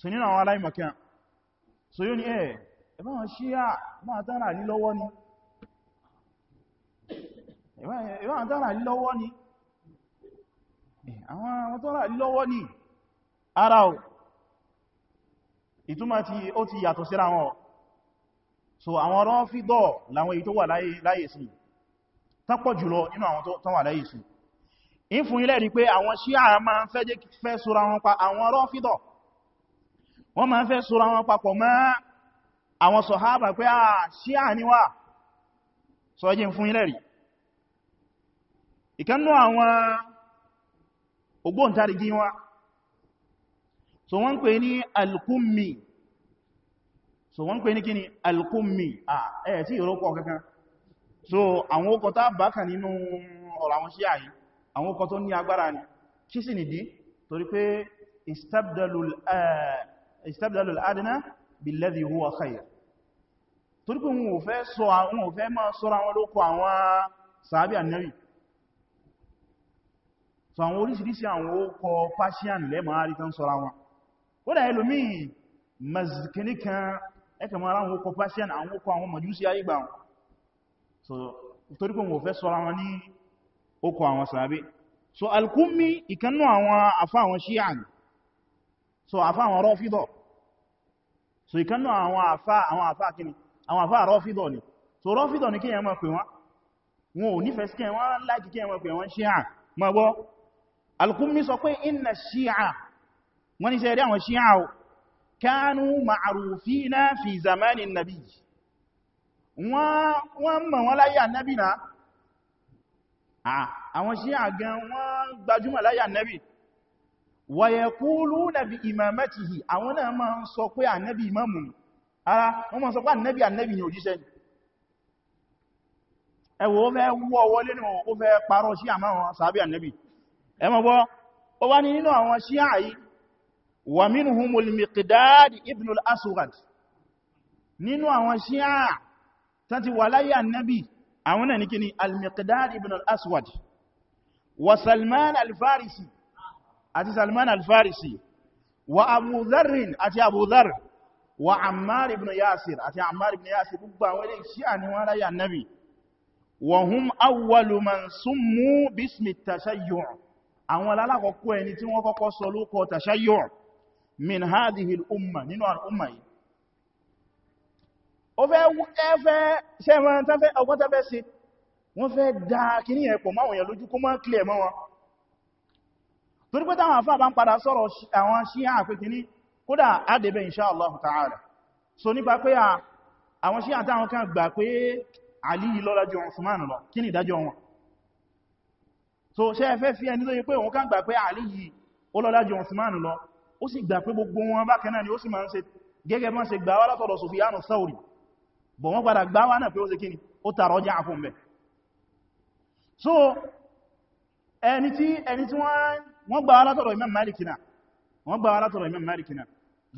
so nínú àwọn aláìmọ̀kẹ́ so yóò ní ẹ̀ ẹ̀bá wọn ṣíà máa tánà ní lọ́wọ́ ni ara o ìtumọ̀ tí ó ti yàtọ̀ síra wọn so àwọn Rọ́fídọ̀ láwọn èyí tó wà láyé sí tápọ̀ jùlọ nínú àwọn tó wà láyé sí in fún ilẹ̀ rí pé àwọn Ṣíà máa ń fẹ́ wọn pa àwọn Rọ́fídọ̀ wọ́n máa ń fẹ́ wọn papọ̀ mọ́ àwọn sọ̀hábà pé à Ṣíà sọ jẹ́ fún ilẹ̀ rí so wọ́n pè ní alkummi so wọ́n pè ní kí ni alkummi à ẹ̀ tí ìrókọ̀ kankan so àwọn okọ̀ tá bá kà nínú ọ̀rọ̀ àwọn Ṣíà yìí àwọn okọ̀ tó ní agbára ni kí sì nìdí torí pé istabdalul adna billadhi huwa khair torí pé wọn ò fẹ́ sọ àwọn ò fẹ́ máa sọ́ra wọn lókọ àwọn sàábì ànẹ́rì so àwọn oríṣiríṣi àwọn okọ̀ fashion lẹ́mọ̀ àrítán sọ́ra wọn kódà ẹlòmí mazikini kan ẹkà mọ́ aláwọn okọ̀ persian àwọn okọ̀ àwọn mọ̀júsí ayígbà wọn so torí kò mọ̀ fẹ́ sọ́ra wọn ní okọ̀ àwọn sàábé so alkúmí ìkanú àwọn afá àwọn shia ni so afá àwọn rọ́fídọ̀ so ìkanú àwọn afá àwọn afá kíni àwọn afá rọ́fídọ̀ ni so rọ́fídọ̀ ni kíyàn máa pè wọ́n wọn ò nífẹ̀ẹ́ sí kíyàn wọ́n láti kíyàn máa pè wọ́n wọ́n ní sẹ́rí àwọn ṣíyà ò kánú ma'arufina fi zamanin nabi wọ́n mọ̀ wọ́n láyé annabi na àwọn ṣíyà gan wọ́n gbajúmọ̀ láyé annabi wa yaquluna bi imamatihi àwọn náà ma ń sọ pé annabi imamu fẹ́ wọ́ wọlé ní ó fẹ́ parọ́ ṣíyà máa wọn sàábí annabi ẹ mọ̀ wá ní nínú àwọn ṣíyà yìí ومنهم المقداد ابن الاسود نينو اوان شيعا تانتي ولي النبي اونا نيكني المقداد ابن الاسود وسلمان الفارسي ادي سلمان الفارسي وابو ذر ادي ابو ذر وعمار ابن ياسر ادي عمار ابن ياسر بوبا ولي شيعا ني ولي النبي وهم اول من سموا باسم التشيع اون لا لا كوكو اني تي ونكوكو سولوكو التشيع min hadhihi al-umma nínú al-umma yìí ó fẹ́ ẹfẹ́ sẹ́wọ́n tán fẹ́ ọgbọ́n tán fẹ́ sí wọ́n fẹ́ dá kìní ẹ̀pọ̀ máwọn èèyàn lójú kó mọ́ kílẹ̀ mọ́ wọn torí pé táwọn àfáà bá ń padà sọ̀rọ̀ àwọn Ṣíà pé kìní kódà adẹ́bẹ̀ insha Allah ta'ala so nípa pé àwọn Ṣíà táwọn kan gbà pé Ali lọ́lá ju Usman lọ kí ni ìdájọ́ wọn so ṣé ẹ fẹ́ fi ẹni tó yẹ pé òun kan gbà pé Ali ó lọ́lá ju Usman lọ ó sì gbà pé gbogbo wọn bákan náà ni ó sì máa ń ṣe gẹ́gẹ́ bí wọ́n gbà wá látọ̀dọ̀ Sufyanu Thawri bọ̀ wọ́n padà gbà wá náà pé ó ṣe kíni ó tààrọ jẹ́ àkùn bẹ̀ so ẹni tí ẹni tí wọ́n gbà wá látọ̀dọ̀ Imam Malik náà wọ́n gbà wá látọ̀dọ̀ Imam Malik náà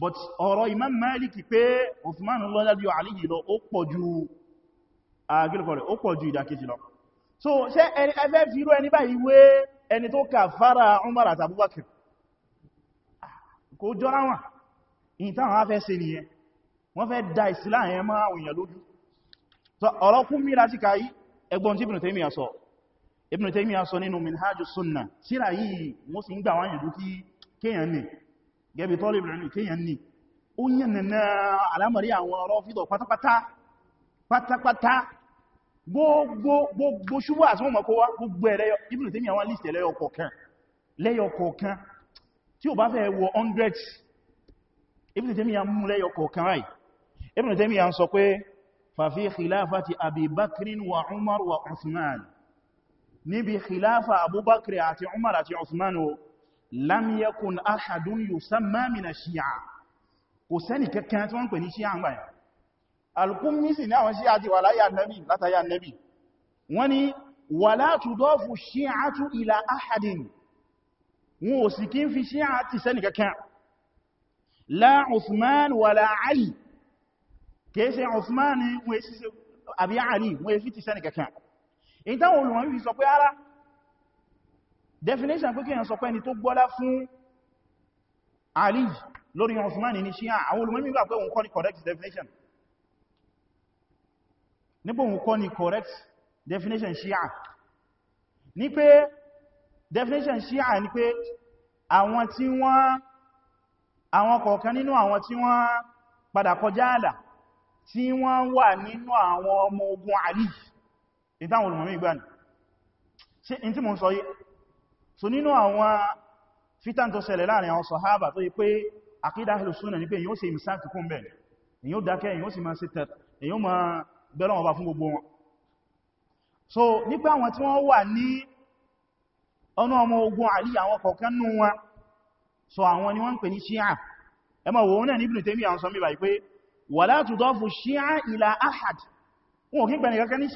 but ọ̀rọ̀ Imam Malik pé Uthman lọ lábí Aliyu lọ ó pọ̀ ju agilkọ̀rẹ̀ ah, ó so ṣe ẹni ẹfẹ́ fi irú ẹni báyìí wé ẹni tó kà fara Umar àti kò jọra wọn in táwọn afẹ́ ni nìyẹn wọ́n fẹ́ da ìsìlá yẹn máa àwòyàn lójú so ọ̀rọ̀kún mìíra ti káyí ẹgbọ́n tí Ibn Taymiyyah sọ Ibn Taymiyyah sọ nínú Minhaju Sunna síra gbogbo lẹ́yọ kọ̀ọ̀kan tí ó bá fẹ́ wọ 100 Ibn Taymiyyah mú lẹ́yọ kọ̀ọ̀kan ráì Ibn Taymiyyah sọ pé fàfí khilafati Abi Bakrin wa Umar wa Uthman níbi khilafa Abubakri àti Umar àti Uthman o lam yakun ahadun yusamma min kò sẹ́ni kankan ila ahadin wọn ò sì kí ń fi ṣíà ti sẹ́nì kankan la Uthman wala Ali kìí ṣe Uthman àbí Ali wọ́n èfi ti sẹ́nì kankan in táwọn olùwọ̀n fi sọ pé ara definition pé kíyàn sọ pé ẹni tó gbọ́lá fún Ali lórí Uthman ní ṣíà àwọn ni ṣíà definition ṣíà ni pé àwọn tí wọ́n àwọn kọ̀ọ̀kan nínú àwọn tí wọ́n padà kọjá àlà tí wọ́n wà nínú àwọn ọmọ ogun àlì ìtàwọn olùmọ̀mí ìgbàni ṣe in tí mo sọ yí so nínú àwọn fitan tó ṣẹlẹ̀ láàrin àwọn sọ̀hábà tó yí pé àkídà ahlùsúnà ní pé èyí ó ṣe ìmìsá kíkún bẹ̀ èyí ó dákẹ́ èyí ó sì máa ṣe tẹ̀ èyí máa bẹ́lọ́wọ́ fún gbogbo wọn so nípa àwọn tí wọ́n wà ní ọ̀nà ọmọ ogun àlì àwọn kọ̀ọ̀kan nù wọn so àwọn ni wọ́n ń pè ní ṣíà ẹmọ̀ wọ́n náà níbi Ibn Taymiyyah àwọn sọmí báyìí pé wala fún ṣíà ila ahad wọn ò kí gbẹ̀rẹ̀ kankan ní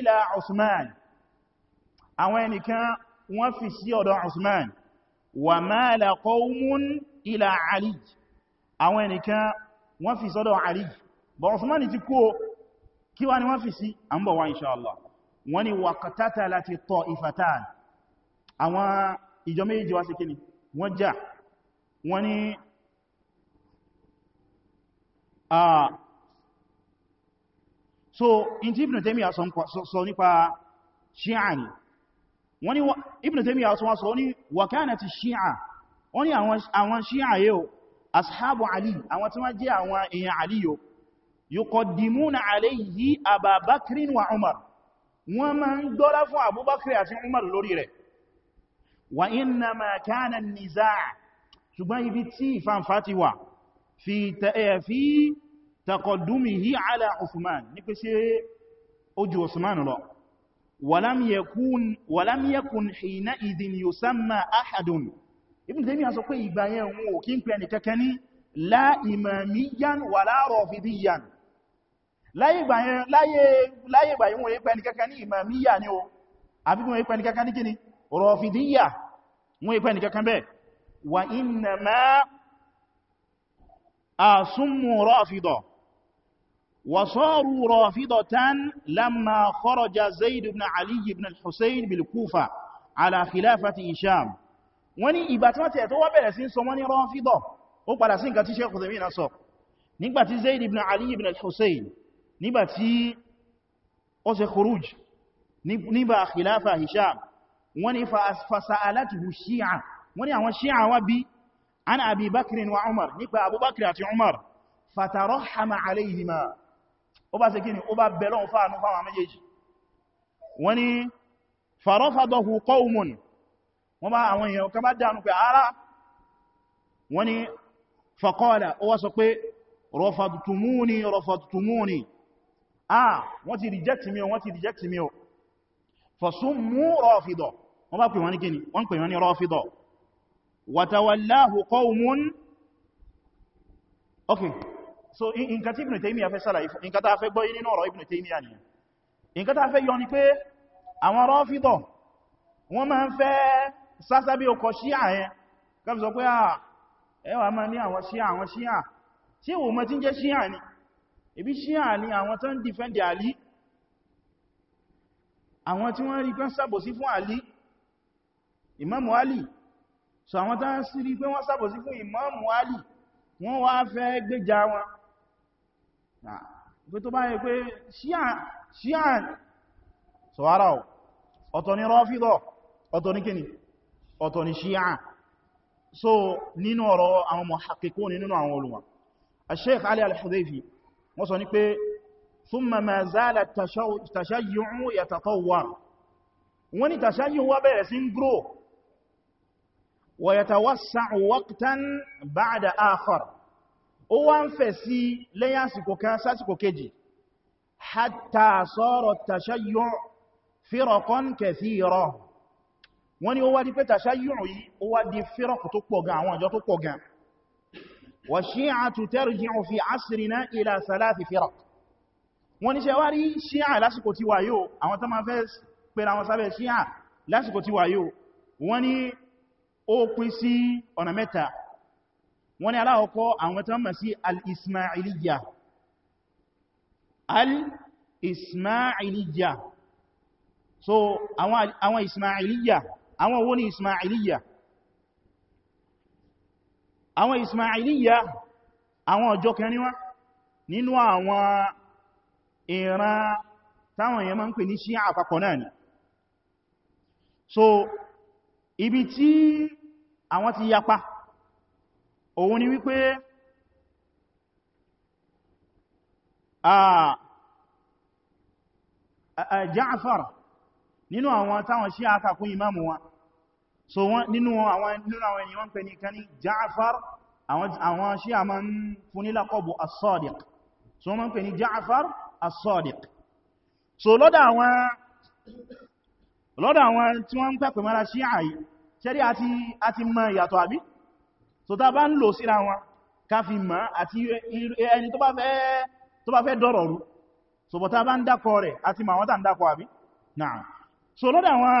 ila Uthman àwọn ẹnìkan wọ́n fi sí ọ̀dọ̀ Usman wa mala qawmun ila Ali àwọn ẹnìkan wọ́n fi sọ́dọ̀ Ali bọ̀ Usman ti kú kí wá ni wọ́n fi sí an bọ̀ wá inṣáàlá wọ́n ni wa qatatalati ta'ifatan àwọn ìjọ méjì wá sí kíni wọ́n jà wọ́n ni so in ti Ibn Taymiyyah sọ nípa Shia wọ́n ní Ibn Taymiyyah tún wá sọ ní wa kanati shi'a wọ́n ní àwọn shi'a yóò ashabu Ali àwọn tí wọ́n jẹ́ àwọn èèyàn Ali yóò yuqaddimuna alayhi Aba Bakrin wa Umar wọ́n máa ń gbọ́lá fún Abu Bakr àti Umar lórí rẹ̀ wa innama kana an-niza' ṣùgbọ́n ibi tí ìfàǹfà wà fi taqaddumihi ala ولم يكن ولم يكن حينئذ يسمى احد ابن تيميه sọ pé ìgbà yẹn wọn ò kin pè ni kakani la imamiyan wala rafidiyan láyé ìgbà yẹn láyé láyé ìgbà yẹn wọn ò pè ni kakani imamiya ni o àbí wọn ò pè وصاروا رافضة لما خرج زيد بن علي بن الحسين بالكوفة على خلافة هشام وني إباتمات يتوى بلسين سواني رافضة وقلسين كتي شيخ ذمين أصر نقبة زيد بن علي بن الحسين نقبة أصر خروج نقبة خلافة هشام وني فسألته الشيعة وني أهوى الشيعة وبي عن أبي بكر وعمر نقبة أبو بكر وعمر فترحم عليهما ó bá ṣe kí ni ó bá bẹ̀rẹ̀ fáànú fáwọn méjèèjì wọ́n ni farafadahu qawmun wọ́n bá àwọn èèyàn kan bá dánú pé ara wọ́n ni faqala ó wá sọ pé rafadtumuni rafadtumuni ah wọ́n ti reject mi wọ́n ti reject mi o fasummu rafida so nǹkan tí Ibn Taymiyyah fẹ́ sálàyé fún nǹkan tá fẹ́ gbọ́ nínú ọ̀rọ̀ Ibn Taymiyyah ni nǹkan tá fẹ́ yọ ni pé àwọn Rāfidah wọ́n máa ń fẹ́ sásá bí ọkọ̀ ṣíà yẹn kọfí sọ pé ẹwà máa ní àwọn ṣíà àwọn ṣíà tí wò ni ibi ṣíà ni àwọn tó ń dìfẹ́ndì Àlí àwọn tí so àwọn tó ń sí rí pé wọ́n sàbòsí fún Ìmáàmù Àlí wọ́n wá fẹ́ gbéjà wọn pé tó bá yẹ pé ṣíàn sọ ara ọ̀ ọ̀tọ̀ ni rọ́fídọ̀ ọ̀tọ̀ ni kíni ọ̀tọ̀ ni ṣíàn so nínú ọ̀rọ̀ àwọn muhaqqiqun nínú àwọn olùmọ̀ al-Sheikh Ali al-Hudhayfi wọ́n sọ ní pé thumma ma zala at-tashayyu'u yatatawwar wọ́n ni tashayyu'u wá bẹ̀rẹ̀ sí ń grow wa yatawassa'u waqtan ba'da akhar ó wá ń fẹ̀ sí lẹ́yìn àsìkò kan sásìkò kejì hatta sọ́rọ̀ tàṣáyọ̀ fírọ̀kan kẹfìrọ̀ wọ́n ni ó wá di pé tàṣáyọ̀ yìí ó wá di fírọ̀kù tó pọ̀ gan àwọn àjọ tó pọ̀ gan wà ṣí'àtù tarji'u fi asrina ila salati tó máa fẹ́ pẹ̀lú àwọn sábẹ̀ ṣí'à lásìkò wọ́n ni aláwọ̀kọ́ àwọn tán mọ̀ sí al-ismailiyya al-ismailiyya so àwọn ismailiyya àwọn owó ni ismailiyya àwọn ismailiyya àwọn ọjọ́ kẹniwá nínú àwọn ìran táwọn èèyàn máa ń pè ní Shia àpapọ̀ náà ni so ibi tí àwọn ti yapa òun ni wípé Ja'far nínú àwọn táwọn Ṣíà àkàkún ìmáàmù wọn so nínú àwọn ènìyàn wọ́n pè ní kan ní Ja'far àwọn Ṣíà máa ń fún ní lákọ̀bù as-Sadiq so wọ́n pè ní Ja'far as-Sadiq so lọ́dọ̀ àwọn lọ́dọ̀ àwọn tí wọ́n ń pẹ̀pẹ̀ mara Ṣíà yìí ṣẹ́rí àti mọ ìyàtọ̀ àbí so ta bá ń lò wọn ká fi mọ̀ àti ẹni tó bá fẹ́ so bọ̀ ta bá ń dákọ rẹ̀ àti ma wọ́n ta ń dákọ àbí so lọ́dà wọn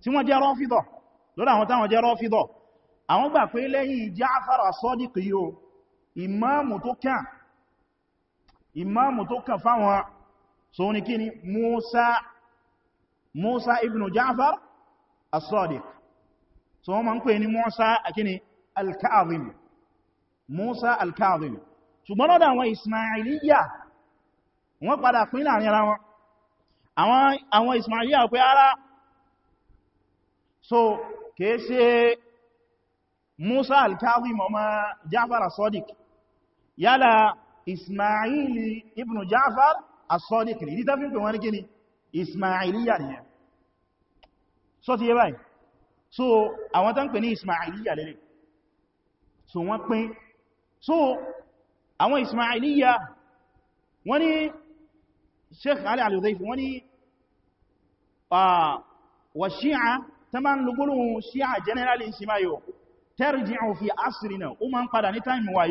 tí wọ́n jẹ́ rọ́fídọ̀ lọ́dà wọn táwọn jẹ́ rọ́fídọ̀ àwọn gbà pé lẹ́yìn Musa Musa so wọ́n ma ń pè ní Musa akíni al-Kazim Musa al-Kazim ṣùgbọ́n lọ́dọ̀ àwọn Ismailiyya wọ́n padà pín láàrin ara wọn àwọn Ismailiyya pé ara so kìí ṣe Musa al-Kazim ọmọ Jafar as-Sadiq yálà Ismaili ibn Jafar as ní ìdí tafí pè wọ́n ní kíni Ismailiyya nìyẹn so ti yẹ báyìí so àwọn tán pè ní ismailiyya lélẹ̀ so wọ́n pín so àwọn ismailiyya wọ́n ní sheikh ali al-Hudhayfi wọ́n ní wa shi'a ta ma ń shi'a generally in shima yóò tarji'u fi asrina o ma ń padà ní time wa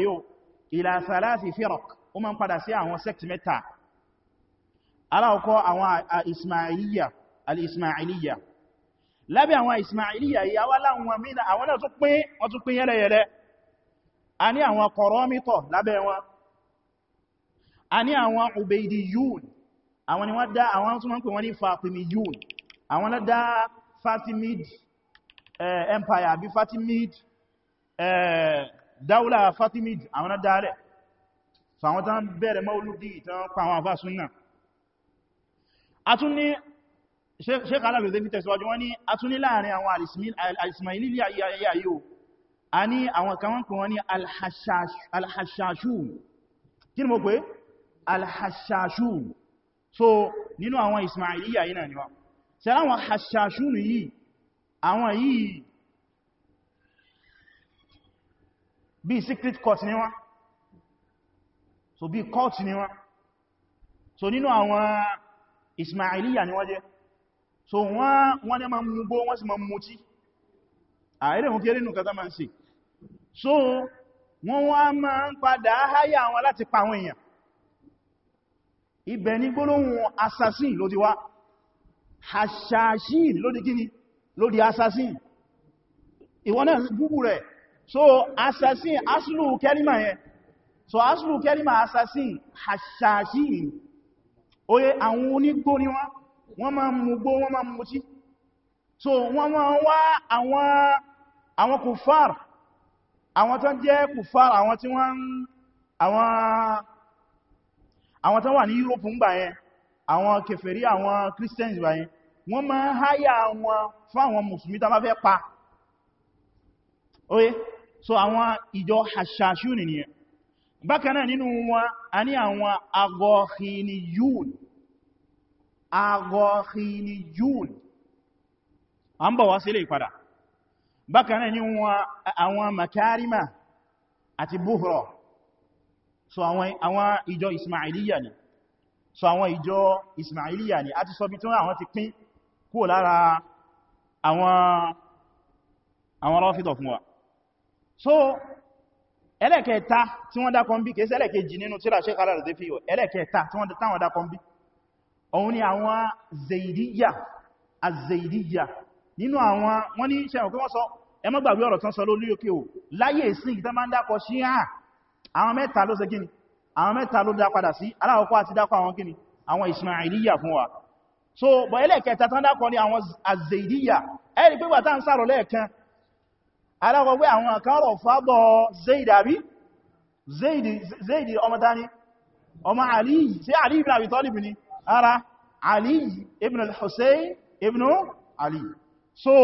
ila salafi firaq o ma ń padà sí àwọn sect mẹ́ta aláwọ̀kọ́ àwọn al-ismailiyya lábẹ́ àwọn Ismailiyya yìí àwọn aláwọn mìíràn àwọn náà tún pín wọ́n tún pín yẹ́lẹ̀yẹ̀lẹ́ a ní àwọn Qaramita lábẹ́ wọn a ní àwọn Ubaydiyun àwọn ni wọ́n dá àwọn tún wọ́n pè wọ́n ní Fatimiyun àwọn dá Fatimid eh, empire àbí Fatimid eh, dáúlà Fatimid àwọn dálẹ̀ so àwọn tán bẹ̀rẹ̀ Mauludi tán Sheikh alàlùdé bí tẹ̀síwájú wọ́n ní a tún ní láàrin àwọn alìsìmáìlì yà yíò a ní àwọn kawọn kò wọ́n ní alhashashun kí ni mo pé alhashashun so nínú àwọn ismaili yà yí náà ni wọ́n ṣe láwọn hashashun yìí àwọn yìí bí secret court ni so bí court ni so nínú àwọn ismaili yà ni wọ́n so wọ́n ní ma mú gbó wọ́n sì ma mú tí àìrẹ̀ òun kéré nù kátà ma ń ṣe so wọ́n wá ma ń padà háyà wọn láti pa àwọn èèyàn ibẹ̀ ní gbólóhùn assassin ló ti wá hashashin ló di kíni ló di assassin ìwọ náà gúgù rẹ̀ so assassin aslu kẹ́límà yẹn so aslu kẹ́límà assassin hashashin oye àwọn onígbó ni wọ́n wọ́n máa mú gbó wọ́n máa mú tí so wọ́n máa wá àwọn kùfàr àwọn tán jẹ́ kùfàr àwọn tí wọ́n àwọn tán wà ní Europe ń gbà yẹn àwọn kèfèrí àwọn Christians gbà yẹn wọ́n máa háyà wọn fún àwọn mùsùlùmí tán bá fẹ́ pa oye so àwọn ìjọ hashashun nìyẹn bákan náà nínú wọn a ní àwọn agọ̀hìnìyún agọ́kìníyún a ń bọ̀ wá sílé ìpadà bákan náà ni àwọn makarima àti buhra so àwọn ìjọ ismailiyya ni so àwọn ìjọ ismailiyya ni a ti sọ bí tí wọ́n ti pín kúrò lára àwọn rọ́fídọ̀ fún wa so ẹlẹ́kẹta tí wọ́n dákọ̀ ń bí kèsẹ́lẹ́kẹjì nínú tíra ṣe kára rẹ̀ dé fi ẹlẹ́kẹta tí wọ́n dákọ̀ ń bí òun ni àwọn zaidiyya azaidiyya nínú àwọn wọ́n ní ṣẹ̀rùn kí wọ́n sọ ẹ má gbàgbé ọ̀rọ̀ tán sọ lórí òkè o láyé sí ìtàn máa ń dákọ̀ sí àà àwọn mẹ́ta ló ṣe gíní àwọn mẹ́ta ló dápadà sí aláwọ̀kọ́ àti dákọ̀ àwọn gíní àwọn so bọ̀ ẹlẹ́kẹta tán dákọ̀ ní àwọn azaidiyya ẹ̀rí pé gbà tá ń sàrọ̀ lẹ́ẹ̀kan aláwọ̀ pé àwọn kan rọ̀ fábọ̀ zaid àbí ọmọ tani ọmọ ali sí ali ibn abi talib ni ara ali ibn al-hussein ibn ali so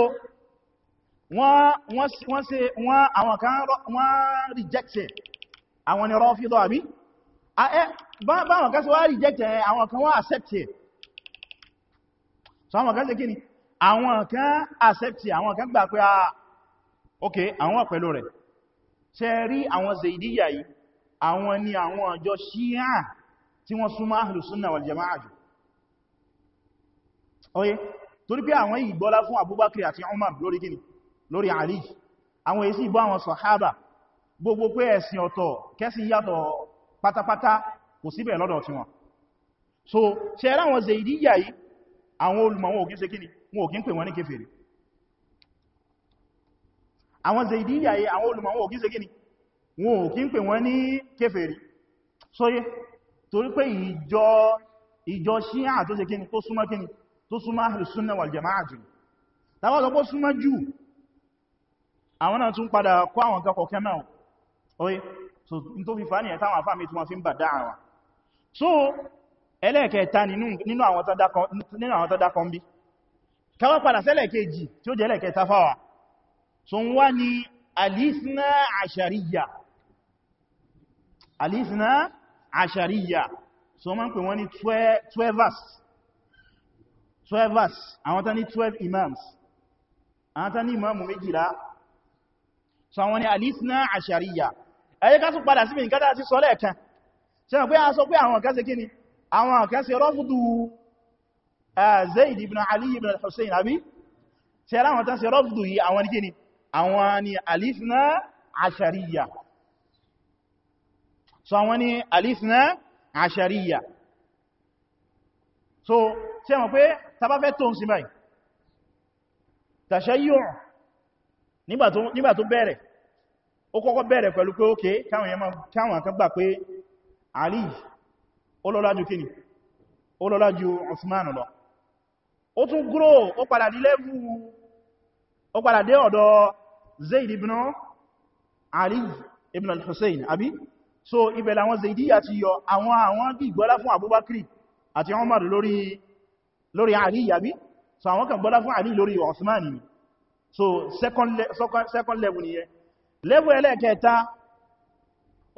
wọ́n wọ́n ṣe wọ́n àwọn kan wọ́n rejected àwọn ni rọ́fídọ́ àbí báwọn kan ṣe wọ́n rejected àwọn kan wọ́n accepted so àwọn kan ṣe kí ni àwọn kan accepted àwọn kan gbà pé ah ok àwọn pẹ̀lú rẹ̀ ṣe rí àwọn zaidiyya yìí àwọn ni àwọn ọjọ́ ṣíyà tí wọ́n súnmọ́ wal jama'ah jù oye torí pé àwọn ìgbọ́lá fún Abubakar àti Umar lórí gini lórí Ali àwọn èsì ìbọ́ àwọn sọ̀hábà gbogbo pé ẹ̀sìn ọ̀tọ̀ kẹ́sìn yàtọ̀ pátápátá kò síbẹ̀ lọ́dọ̀ tí wọn so ṣe ẹ̀rá wọn Zaidiyya yìí àwọn olùmọ̀ wọn òkín ṣe kíni wọn òkín pè wọn ní kèfèrí àwọn Zaidiyya yìí àwọn olùmọ̀ wọn òkín ṣe kíni wọn òkín pè ìjọ ìjọ tó ṣe kíni tó súnmọ́ kíni tó súnmọ́ ahlu sunna wal jama'a jù tàbí ọ̀pọ̀ súnmọ́ jù àwọn náà tún padà kọ́ àwọn kọkọ̀ kẹ́mẹ́ọ̀ oye so n tó fi fà ní ẹ̀tàwọn àfáà mi tí wọ́n fi ń bà dá àwọn so ẹlẹ́ẹ̀kẹta nínú àwọn tó dákọ̀ ń bí káwọ́ padà sẹ́lẹ̀kejì tí ó jẹ́ ẹlẹ́ẹ̀kẹta fáwà so ń wá ní alìsíná àṣàríyà so wọ́n pè wọ́n ní 12 verse 12 verse àwọn tán ní twelve imams àwọn tán ní imamu méjìlá so àwọn ni alisna ashariya ẹ̀yẹ́ ká tún padà sí nǹkan tí sọ lẹ́ẹ̀kan ṣe mọ̀ pé a sọ pé àwọn kan ṣe kíni àwọn kan ṣe rọ́fùdù zaid ibn ali ibn al-hussein àbí ṣe ara àwọn tán ṣe rọ́fùdù yìí àwọn ni kíni àwọn ni alisna ashariya so àwọn ni alisna ashariya so ṣe mọ̀ pé tàbá fẹ́ tó ń sí báyìí tàṣẹ́yọ̀ nígbà tó bẹ̀rẹ̀ ó kọ́kọ́ bẹ̀rẹ̀ pẹ̀lú pé ókè káwọn kan gbà pé Ali olólájú kíni olólájú Usman lọ ó tún gúrò ó padà dé lẹ́wù ó padà dé ọ̀dọ̀ Zaid ibn Ali ibn al-Hussein àbí so ibẹ̀ làwọn Zaidiyya ti yọ àwọn àwọn bí gbọ́lá fún Abubakar àti Umar lórí lórí àrí ìyàbí so àwọn kan gbọ́lá fún àrí lórí osmani ni so second, le second level ni yẹ level ẹlẹ́kẹta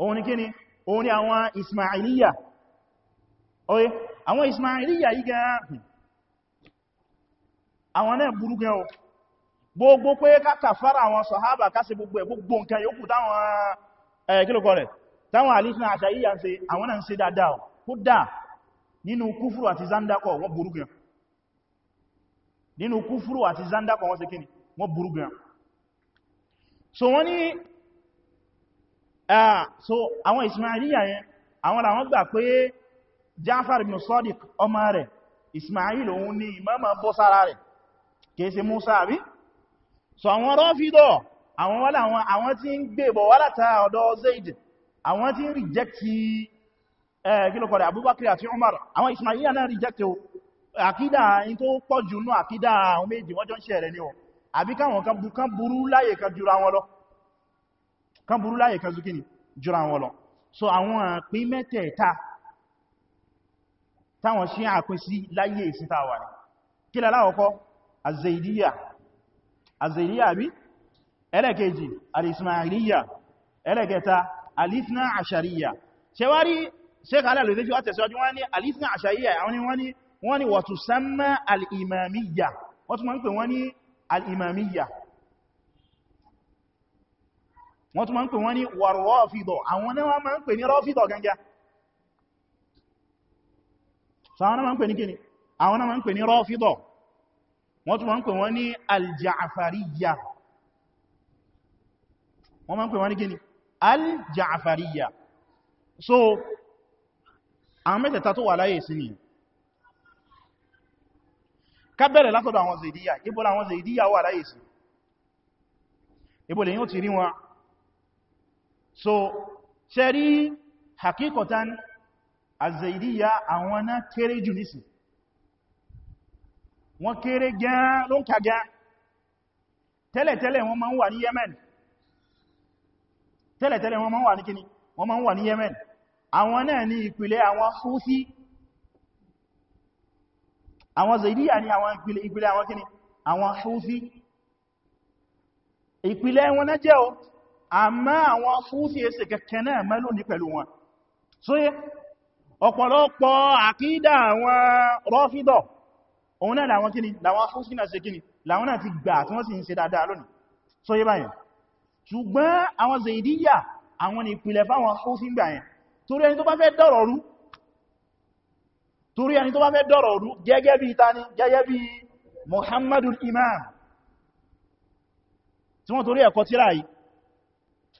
òun ni kíni òun ni àwọn ismailiyya oye àwọn ismailiyya yí gan hmm, àwọn náà burú gan o gbogbo pé káka fara àwọn sọ̀hábà kásì gbogbo ẹ̀ gbogbo nǹkan yóò kù táwọn ẹ̀kílùkọ rẹ̀ táwọn àlífin àṣà yíyà ń ṣe àwọn náà ń ṣe dáadáa kó dáa nínú kúfùrù gan nínú kúfúrú àti zanda kan wọ́n ṣe kíni wọ́n burú gan so wọ́n ní ah, so àwọn ismailiya yẹn àwọn làwọn gbà pé Ja'far ibn Sadiq ọmọ rẹ̀ ismail òun ni imama bọ́ sára rẹ̀ kèése Musa àbí so àwọn rọ́fídọ̀ àwọn wọ́n láwọn àwọn tí ń gbèbọ̀ wá láta ọ̀dọ̀ Zaid àwọn tí ń rejecti eh, kílòkọ̀rẹ̀ Abubakar àti Umar àwọn ismailiya náà rejecti àkídà in tó pọ̀ jù ní àkídà àwọn méjì wọ́n jọ ń ṣẹ̀rẹ̀ ní ọ̀ àbí káwọn kan burú láyé kan jura zukini jura wọn lọ so àwọn àpín mẹ́tẹ̀ẹ̀ta táwọn ṣe àpín sí láyé ìsíta wà ní kí laláwọ́kọ́ azzaidiyya azzaidiyya bí ẹlẹ́kẹjì alìsmailiyya ẹlẹ́kẹta alìsna àṣàríyà ṣe wá rí ṣe kàálà lòdéjú àtẹ̀síwájú wọ́n ní alìsna àṣàríyà àwọn ni wọ́n wọ́n ni wọ́n tún sánmà al'imamiyya wọ́n tún ma ń pè wọ́n ní al'imamiyya wọ́n tún ma ń pè wọ́n ní warọ́fidọ̀ àwọn náà ma ń pè ní rọ́fidọ̀ ganga àwọn náà ma ń pè ní kíni àwọn ma ń pè ní rọ́fidọ̀ wọ́n tún ma ń pè wọ́n so àwọn mẹ́tẹ̀ta tó wà ni ká bẹ̀rẹ̀ látọ̀dọ̀ àwọn zèdíyà ibo làwọn zèdíyà wà láyé sí ibo lè yíò ti rí wọn so ṣe rí hakikotan azèdíyà àwọn náà kéré jù nísì wọ́n kéré gan ló ń ka gan tẹ́lẹ̀tẹ́lẹ̀ wọ́n máa ń wà ní Yemen tẹ́lẹ̀tẹ́lẹ̀ wọ́n máa ń wà ní Yemen àwọn náà ní ìpìlẹ̀ àwọn Houthi àwọn zaidiya ni àwọn ìpìlẹ̀ àwọn kíni àwọn ṣúfí ìpìlẹ̀ wọn náà jẹ́ o àmá àwọn ṣúfí ẹsẹ̀ kẹkẹ náà mẹ́lò ní pẹ̀lú wọn so yẹ ọ̀pọ̀lọpọ̀ àkídà àwọn rọ́fídọ̀ òun náà làwọn kíni làwọn ṣúfí náà ṣe kíni làwọn náà ti gbà tí wọ́n sì ń ṣe dáadáa lónìí so yẹ báyẹn ṣùgbọ́n torí ẹni tó bá fẹ́ dọ̀rọ̀ rú gẹ́gẹ́ bí tani gẹ́gẹ́ bí Muhammadul Imam tí wọ́n torí ẹ̀kọ́ tíra yìí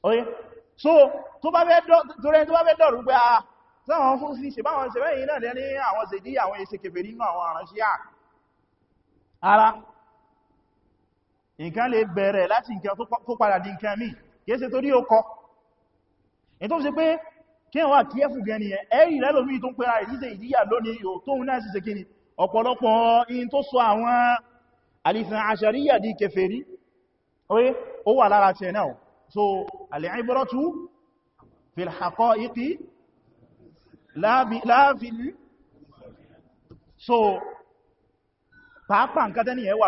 oye so tó bá fẹ́ dọ̀rọ̀ rú pé a ah, sáwọn fún sí ṣe báwọn ṣe bẹ́yìn náà lẹ́ni àwọn ṣe dí àwọn èsè kèfè nínú àwọn àránṣẹ́ à ara nǹkan lè bẹ̀rẹ̀ láti nǹkan tó padà di nǹkan míì kí wà kí ẹfù bí ẹni ẹ̀rì lẹ́lòmí tó ń pẹ́ra ìdíje ìdíyà lónìí yóò tóun náà sì ṣe kíni ọ̀pọ̀lọpọ̀ in tó sọ àwọn alìsàn àṣàríyà di kèfèrí oye ó wà lára tẹ̀ náà so al-ibratu fil haqa'iqi so pàápàá nǹkan tẹ́ni ẹ̀ wà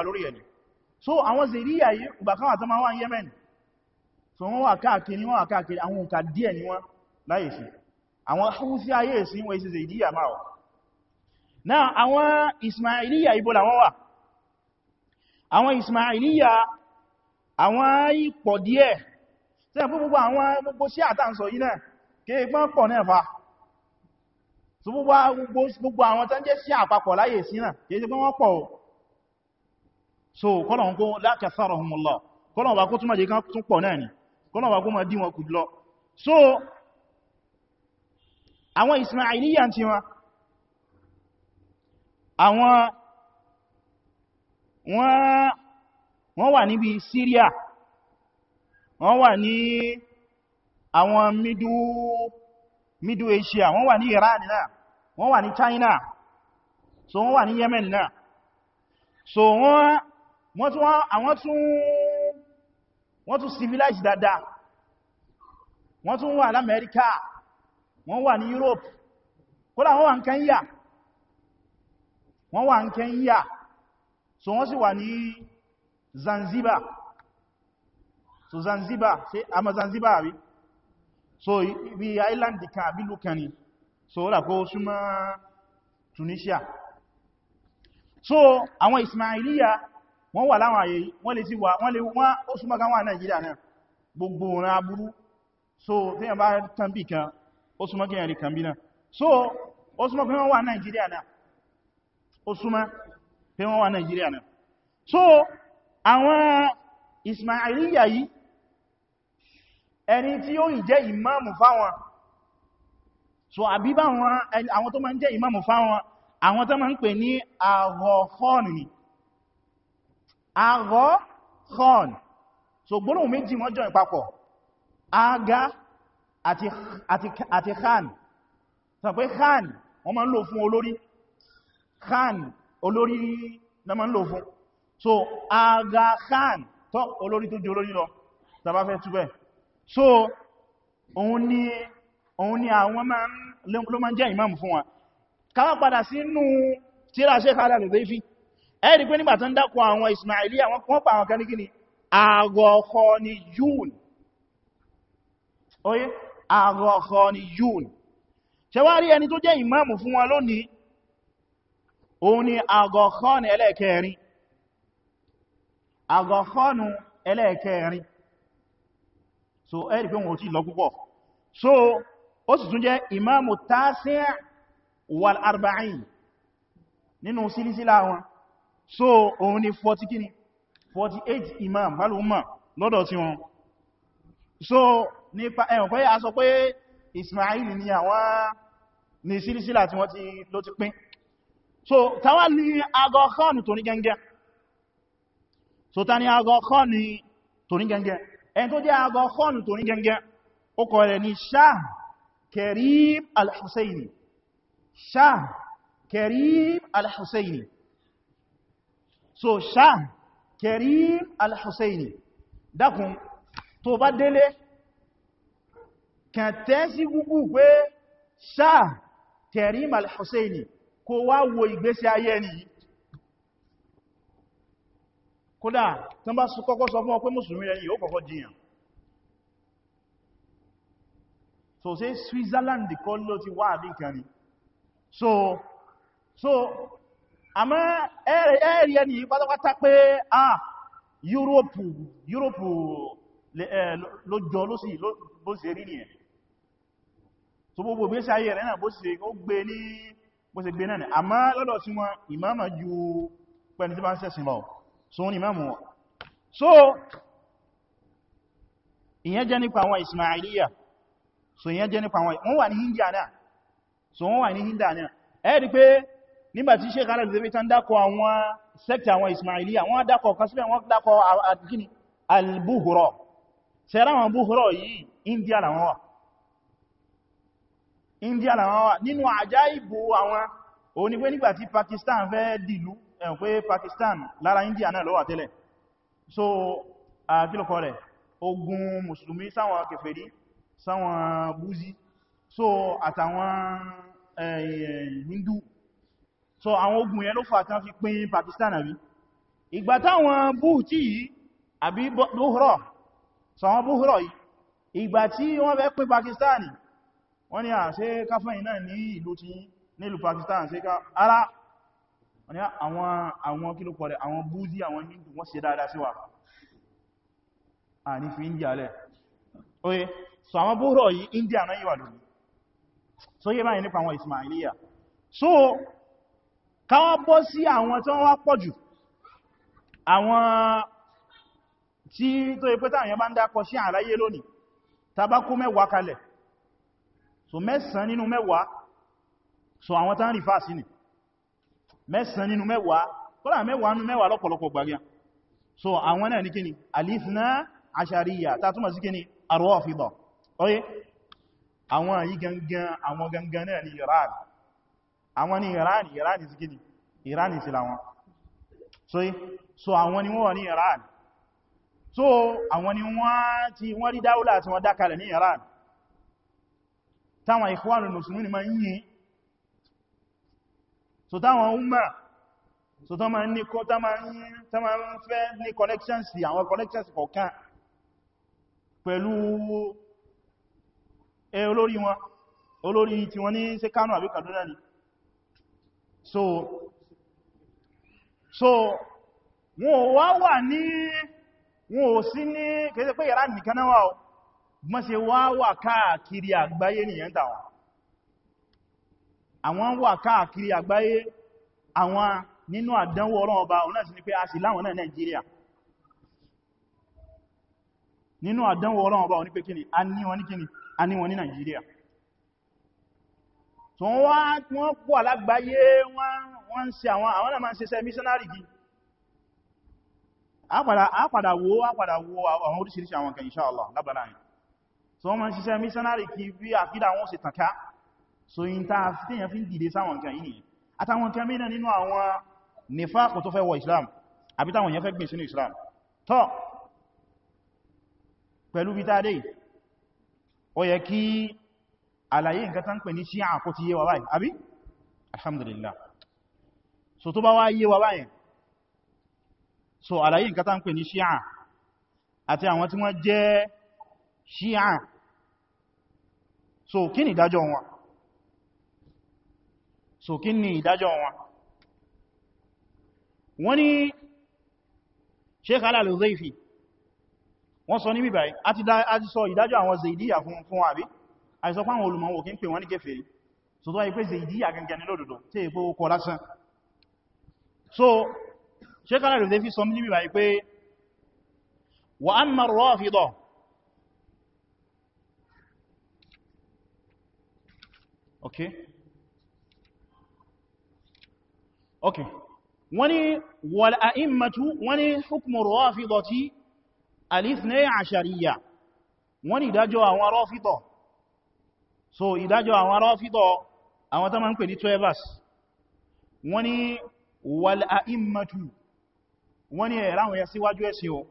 so àwọn zèríyà yìí ìgbàkáwà tó máa láyé sí àwọn húsí ayé sí wọ́n isi zaidiyya máa wà náà àwọn ismailiyya ibo làwọn wà àwọn ismailiyya àwọn ipò díẹ̀ tí ẹ̀kú gbogbo àwọn gbogbo sí àtànsọ yìí náà kéè pọ́n pọ̀ náà fa so gbogbo àwọn tán jẹ́ sí àpapọ̀ láyé náà kéè pọ́n pọ̀ so kọ́lọ̀n kó la katharahumullah kọ́lọ̀n so àwọn Ismailiyya tí wọn àwọn wọ́n wà níbi Syria wọ́n wà ní àwọn middle middle Asia wọ́n wà ní Iran náà wọ́n wà ní China so wọ́n wà ní Yemen náà so wọ́n wọ́n tún àwọn tún wọ́n tún civilize dada wọ́n tún wà America wọ́n wà ní Europe kódà wọ́n wà ní Kenya wọ́n wà ní Kenya so wọ́n sì wà ní Zanzibar so Zanzibar ṣe ama Zanzibar rí so ibi island kan àbílù kan so ó dàkó súnmọ́ Tunisia so àwọn Ismailiya wọ́n wà láwọn àyè wọ́n lè sí wà wọ́n lè wọ́n ó súnmọ́ kan wà náà gbogbo ọ̀nà aburú so tí yàn bá tán bí kan ó súnmọ́ kí ẹ̀rí kan bí náà so ó súnmọ́ pé wọ́n wà Nàìjíríà náà ó súnmọ́ pé wọ́n wà Nàìjíríà náà so àwọn Ismailiyya yìí ẹni tí ó jẹ́ ìmáàmù fáwọn so àbí bá àwọn tó máa ń jẹ́ ìmáàmù fáwọn àwọn tó máa ń pè ní àgọ́kọ́ọ̀nù ni àgọ́kọ́ọ̀nù so gbólóhùn méjì wọ́n jọ ìpapọ̀ aga àti khan sọ pé khan wọ́n ma ń lò fún olórí khan olórí na ma ń lò fún so aga khan tó olórí tó jẹ olórí lọ tàbá fẹ́ túbẹ̀ so òun ni òun ni àwọn ló ma ń jẹ́ imam fún wa káwà padà sínú tíra Sheikh Adam Zaifi ẹ̀rí pé nígbà tó ń dákọ àwọn Ismailiyya wọ́n pa àwọn kan ní kíni àgọ̀kọ́ ni yún oye oh, yeah? arọ̀kọ̀niyún ṣe wá rí ẹni tó jẹ́ ìmáàmù fún wọn lónìí òun ni arọ̀kọ̀nì ẹlẹ́ẹ̀kẹrin arọ̀kọ̀nù ẹlẹ́ẹ̀kẹrin so ẹ̀rì pé wọn ò tí lọ púpọ̀ so ó sì tún jẹ́ ìmáàmù tásíà wal arba'in nínú sílísílá wọn so òun ni 40 kíni 48 so nípa ẹ̀wọ̀n pé a sọ pé Ismail ni àwọn ní sílísílà tí wọ́n ti ló ti pín so tàwa ní Aga Khan tó ní gẹ́ngẹ́ so ta ni Aga Khan tó ní gẹ́ngẹ́ ẹn tó jẹ́ Aga Khan tó ní gẹ́ngẹ́ ó kọ rẹ̀ ní Shah Karim al-Husseini Shah Karim so Shah Karim al-Husseini dákun tó bá délé kàn tẹ́sí gúgú pé Shah Karim al-Husseini kó wá wo ìgbésí ayé ni kódà tán bá sọ kọ́kọ́ sọ fún ọ mùsùlùmí rẹ̀ yíó kọ́kọ́ jiyàn so ṣe Switzerland kọ́ ló ti wá àbí kẹrin so so àmọ́ ẹ̀rẹ̀ ẹni pátápátá pé a Europe Europe ló jọ ló sì rí nìyẹn so gbogbo bí sí ayé rẹ̀ náà bó ṣe ó gbé ní bó ṣe gbé náà àmá lọ́dọ̀ sí wọn ìmáàmà ju pẹ̀lú tí bá ń sẹ́sìn lọ so ní ìmáàmù wọn so ìyẹn jẹ́ nípa àwọn Ismailiyya so ìyẹn jẹ́ nípa àwọn wọ́n wà ní Hindia náà so wọ́n wà ní Hindia náà ẹ́ rí pé nígbàtí ṣe kára lè fi tán dákọ̀ àwọn sẹ́kta àwọn Ismailiyya wọ́n dákọ̀ kan síbẹ̀ wọ́n dákọ̀ al-Buhra ṣẹ́ra àwọn Buhra yìí India làwọn wà India làwọn wà nínú àjá ìbò àwọn òní pé nígbàtí Pakistan fẹ́ dìlú ẹ̀n pé Pakistan lára India náà ló wà tẹ́lẹ̀ so àkílùkọ́ rẹ̀ ogun mùsùlùmí sáwọn kèfèrí sáwọn búzi so àtàwọn Hindu so àwọn ogun yẹn ló fà tán fi pín Pakistan àbí ìgbà táwọn búùtí yìí àbí bóhùrọ̀ sọ àwọn bóhùrọ̀ yìí ìgbà tí wọ́n fẹ́ pín Pakistan wọ́n ní àṣẹ káfẹ́yìn náà ní ìlú ti nílùú Pakistan ṣe ká ara wọ́n ní àwọn àwọn kí ló pọ̀ rẹ̀ àwọn búzi àwọn hindu wọ́n ṣe dáadáa sí àní fi India lẹ̀ oye so àwọn bóhùrọ̀ yìí India náà yíwà lórí so yẹ báyìí nípa àwọn Ismailiyya so káwọ́ bọ́ sí àwọn tí wọ́n wá pọ̀ jù àwọn tí tó yẹ pé táwọn yẹn bá ń dákọ̀ sí àráyé lónìí tabakú mẹ́wàá kalẹ̀ so mẹ́sàn nínú mẹ́wàá so àwọn tán rí fásí ni mẹ́sàn nínú mẹ́wàá kọ́lá mẹ́wàá nínú mẹ́wàá lọ́pọ̀lọpọ̀ gbàríà so àwọn náà ní kíni alifna ashariya ta túnmọ̀ sí kíni arọ́fidà oye àwọn yí gangan àwọn ni iran àwọn ni iran iran sí kíni iran sí láwọn so so àwọn ni iran so àwọn ni wọ́n ti wọ́n rí dáúlà tí wọ́n dákalẹ̀ ní iran táwọn Ikhwanul Muslimin ma ń yìn so táwọn umma so tó ma ń ní kó tá ma ń fẹ́ ní connections àwọn connections kọ̀ọ̀kan pẹ̀lú ẹ olórí wọn olórí tí wọ́n ní ṣe Kánò àbí Kaduna ni so so wọn ò wá wà ní wọn ò sí ní kẹsẹ̀ pé yàrá nìkan náà wà o mọ́ ṣe wá wà káàkiri àgbáyé nìyẹn tàwọn àwọn wà káàkiri àgbáyé àwọn nínú àdánwò ọlọ́run ọba ọ̀nà sí ni pé a sì láwọn náà Nàìjíríà nínú àdánwò ọlọ́run ọba òní pé kíni a ní wọn ní kíni a ní wọn ní Nàìjíríà tó wọ́n pọ̀ alágbáyé wọ́n ń ṣe àwọn àwọn náà máa ń ṣe sẹ́ missionary gi a padà wo àwọn oríṣiríṣi àwọn kan insha Allah so wọ́n ma ń ṣiṣẹ́ missionary kí bí àkídà wọn ṣe tànká so yí ta tíyàn fi ń dìde sáwọn nǹkan yìí nìyẹn àtàwọn nǹkan mìíràn nínú àwọn nifaq tó fẹ́ wọ Islam àbí táwọn èèyàn fẹ́ gbìn sínú Islam tọ́ pẹ̀lú bí táadé ó yẹ kí àlàyé nǹkan tán pè ní sí àkó ti yé wa báyìí àbí alhamdulillah so tó bá wá yé wa báyìí so àlàyé nǹkan tán pè ní sí àti àwọn tí wọ́n jẹ́ ṣíà so kí ni ìdájọ́ wọn so kí ni ìdájọ́ wọn wọ́n ní Sheikh al-Huzaifi wọ́n sọ ní bíbáyí a ti sọ ìdájọ́ àwọn zaidiyya fún fún àbí a ti sọ fáwọn olùmọ̀wò kí ń pè wọ́n ní kèfèrí so tó wáyé pé zaidiyya gangan ní lódòdó tí wa amma rafida okay okay wọ́n ni wal a'immatu wọ́n ni hukmu rọ́fidọ̀tí alìsìnẹ́ àṣàríyà wọ́n ni ìdájọ́ àwọn so ìdájọ́ àwọn rọ́fidọ̀ àwọn tán ma ń pè ní 12 wọ́n ni wal a'immatu wọ́n ni ẹ̀ráwọ̀ ya síwájú ẹ̀sìn o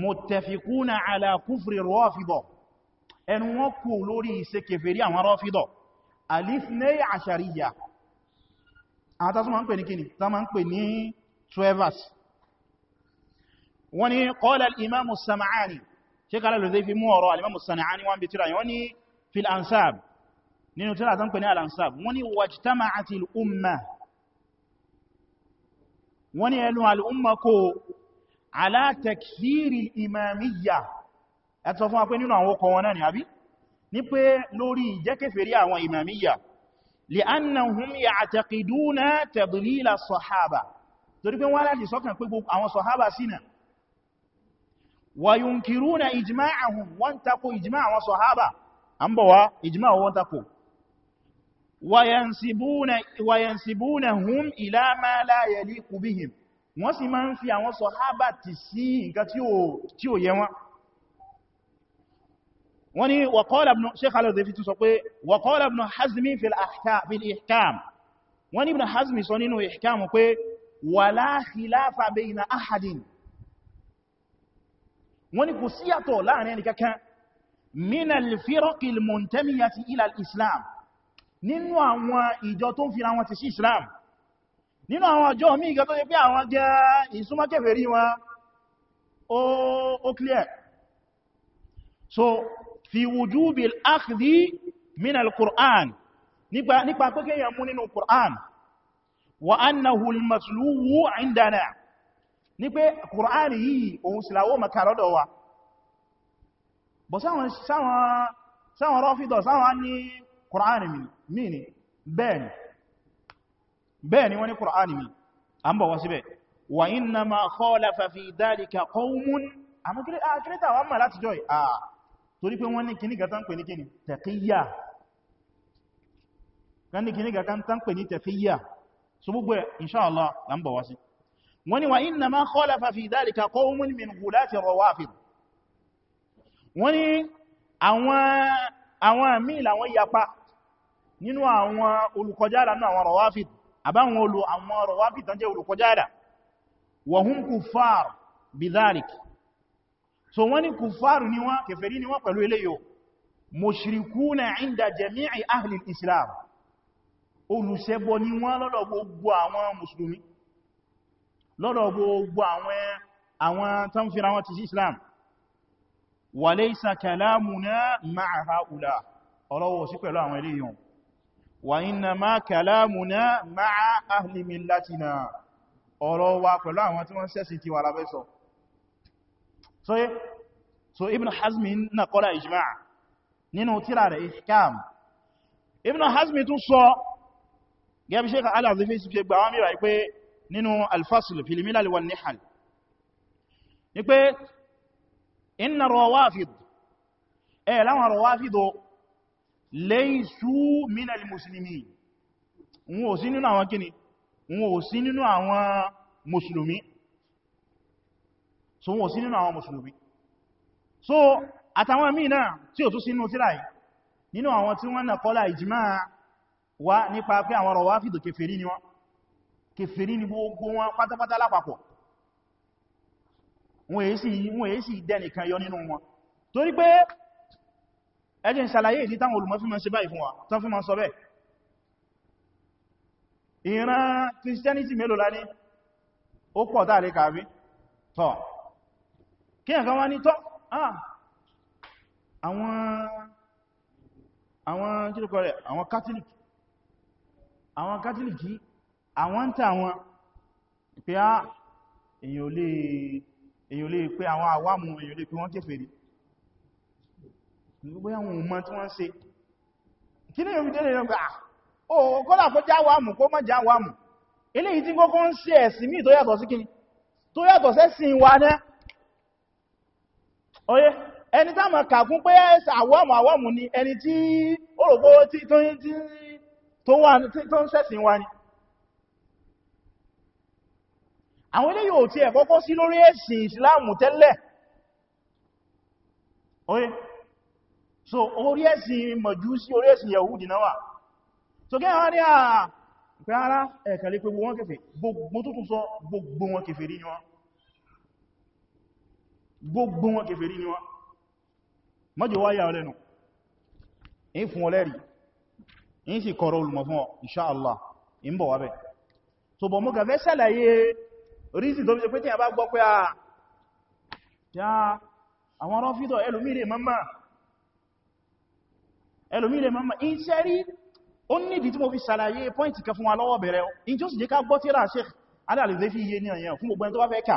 muttafiquna ala kufri rọ́fidọ̀ ẹnu wọn kò lórí ìṣe kèfèrí àwọn rọ́fidọ̀ alifnei àṣàríyà àwọn tásùn ma ń pè ní kíni tá ma ń pè ní travers wọ́n ni qala al-imamu sam'ani ṣe kala lè zai fi mú ọ̀rọ̀ al-imamu sam'ani wọ́n bí tíra wọ́n ni fil ansab nínú tíra tán pè ní al-ansab wọ́n ni wajtama'ati al ní pé lórí ìjẹ́kẹfẹ̀rí àwọn ìmàmíyà li'annahum ya'taqiduna tadlila sahaba torí pé wọ́n láti sọ́kàn pé àwọn sahaba sínà wa yunkiruna ijma'ahum wọ́n tako ijma àwọn sahaba an bọ̀ wá ijma wọ́n tako wa yansibunahum ila ma la yaliqu wọ́n ni waqala ibn Shaykh al-Dhaifi tún sọ pé waqala ibn Hazmi fil ihkam wọ́n ni ibn Hazmi sọ nínú ihkam pé wala khilafa bayna ahadin wọ́n ni kò síyàtọ̀ láàrin ẹni kankan min al so fi wùjúbì al-akhdhi min al-qur'an nípa pé kéèyàn mú nínú qur'an wa annahu al-matluwu indana ní pé qur'an yìí ohun síláwó maka lọ́dọ̀ wa bọ̀ sáwọn rọ́fídọ̀ sáwọn ní qur'an mi ni bẹ́ẹ̀ni bẹ́ẹ̀ni wọ́n ní qur'an mi an bọ̀ wasu bẹ́ẹ̀ wa inna ma khalafa fi dhalika qawmun torí pé wọ́n ní kìníkà tán pè ní kìní tẹ̀kíyà kan ní kìníkà tán pè ní tẹ̀fíyà so gbogbo ẹ̀ inṣáàlá la ń bọ̀ wá sí wọ́n ní wa inna ma khalafa fi dhalika qawmun min ghulati rawafid wọ́n ní àwọn míì làwọn yapa nínú àwọn olùkọjára nínú àwọn rawafid àbáwọn olù àwọn rawafid tán jẹ́ olùkọjára wa hum kuffar bi so wọ́n ní kùfàrù ní wọ́n kèfèrí ní wọ́n pẹ̀lú eléyò mushrikuna inda jami'i ahli islam olùṣẹbọ ní wọ́n lọ́dọ̀ gbogbo àwọn mùsùlùmí lọ́dọ̀ gbogbo àwọn tán fira wọn ti sí islam wa laysa kalamuna ma'a ha'ula ọlọ́wọ́ sí pẹ̀lú àwọn eléyò pẹ̀lú àwọn tí wọ́n so yé so ibn hazmi náà kọ́lá ijma' nínú tíra rẹ̀ ihkam ibn hazmi tún sọ gẹ́bí sheikh al-azifi sí fi gbàwọn mìíràn pé nínú al-fasl fil milal wal nihal ni pé inna rawafid ẹ̀ láwọn rawafido laysu min al-muslimin wọn sí nínú àwọn kíni wọn ò sí nínú àwọn musulmi so wọ́n sí nínú àwọn mùsùlùmí so àtàwọn míì náà tí ò tún sínú tíra yìí nínú àwọn tí wọ́n nàkọ́lá ìjìmá wá nípa pé àwọn Rawāfiḍ kèfèrí ni wọ́n kèfèrí ni gbogbo wọn pátápátá lápapọ̀ wọ́n èyí sì dẹnìkan yọ nínú wọn torí pé ẹjẹ́ ìsàlàyé ìdí táwọn olùmọ̀ fi máa ṣe báyìí fún wa tán kí ẹ̀kan wá ní tọ́ ah, àwọn kílùkọ́ rẹ̀ àwọn catholic àwọn catholic àwọn ń tà ah, wọn pé á èyàn lè pé àwọn àwámù èyàn lè pé wọ́n kèfèrí gbogbo àwọn ọmọ tí wọ́n ṣe kí ní orí tẹ́lẹ̀ lọ́gbà ó kọ́lá kó já wàmù kó má já wàmù eléyìí tí kókó ń ṣe ẹ̀sìn míì tó yàtọ̀ sí kí tó yàtọ̀ sẹ́sìn wa náà oye ẹni tá ma kàkún pé ẹsẹ̀ àwọ́mù àwọ́mù ni ẹni tí ó rò pé tí tó ń ṣẹ̀sìn wa ni àwọn ilé yóò tí ẹ̀ kọ́kọ́ sí lórí ẹ̀sìn ìsìláàmù tẹ́lẹ̀ oye so orí ẹ̀sìn mọ̀júsí orí ẹ̀sìn yahudi náà so kí àwọn ní àà pẹ́ ara ẹ̀kàlẹ́ pé gbogbo gbogbo tó sọ gbogbo wọn kèfèrí ni wọn gbogbo wọn kèfèrí ni wọ́n mọ́jọ wáyà ọlẹ́nu in fún ọlẹ́rí in sì kọ̀rọ̀ olùmọ̀ fún ọ insha Allah in bọ̀ wábẹ̀ so bọ̀ mọ́ gàfẹ́ sẹ́lẹ̀yẹ rísì tó bí pé tí a bá gbọ́ pé a ah, àwọn rọ́fíìtọ̀ ẹlòmíre mọ́mà ẹlòmíre mọ́mà in sẹ́rí ó nídi tí mo fi sàlàyé pọ́ìntì kan fún wa lọ́wọ́ bẹ̀rẹ̀ in tí ó sì jẹ́ ká gbọ́ tíra Sheikh Al-Alzefi iye ní àyẹ̀ fún gbogbo ẹni tó bá fẹ́ kà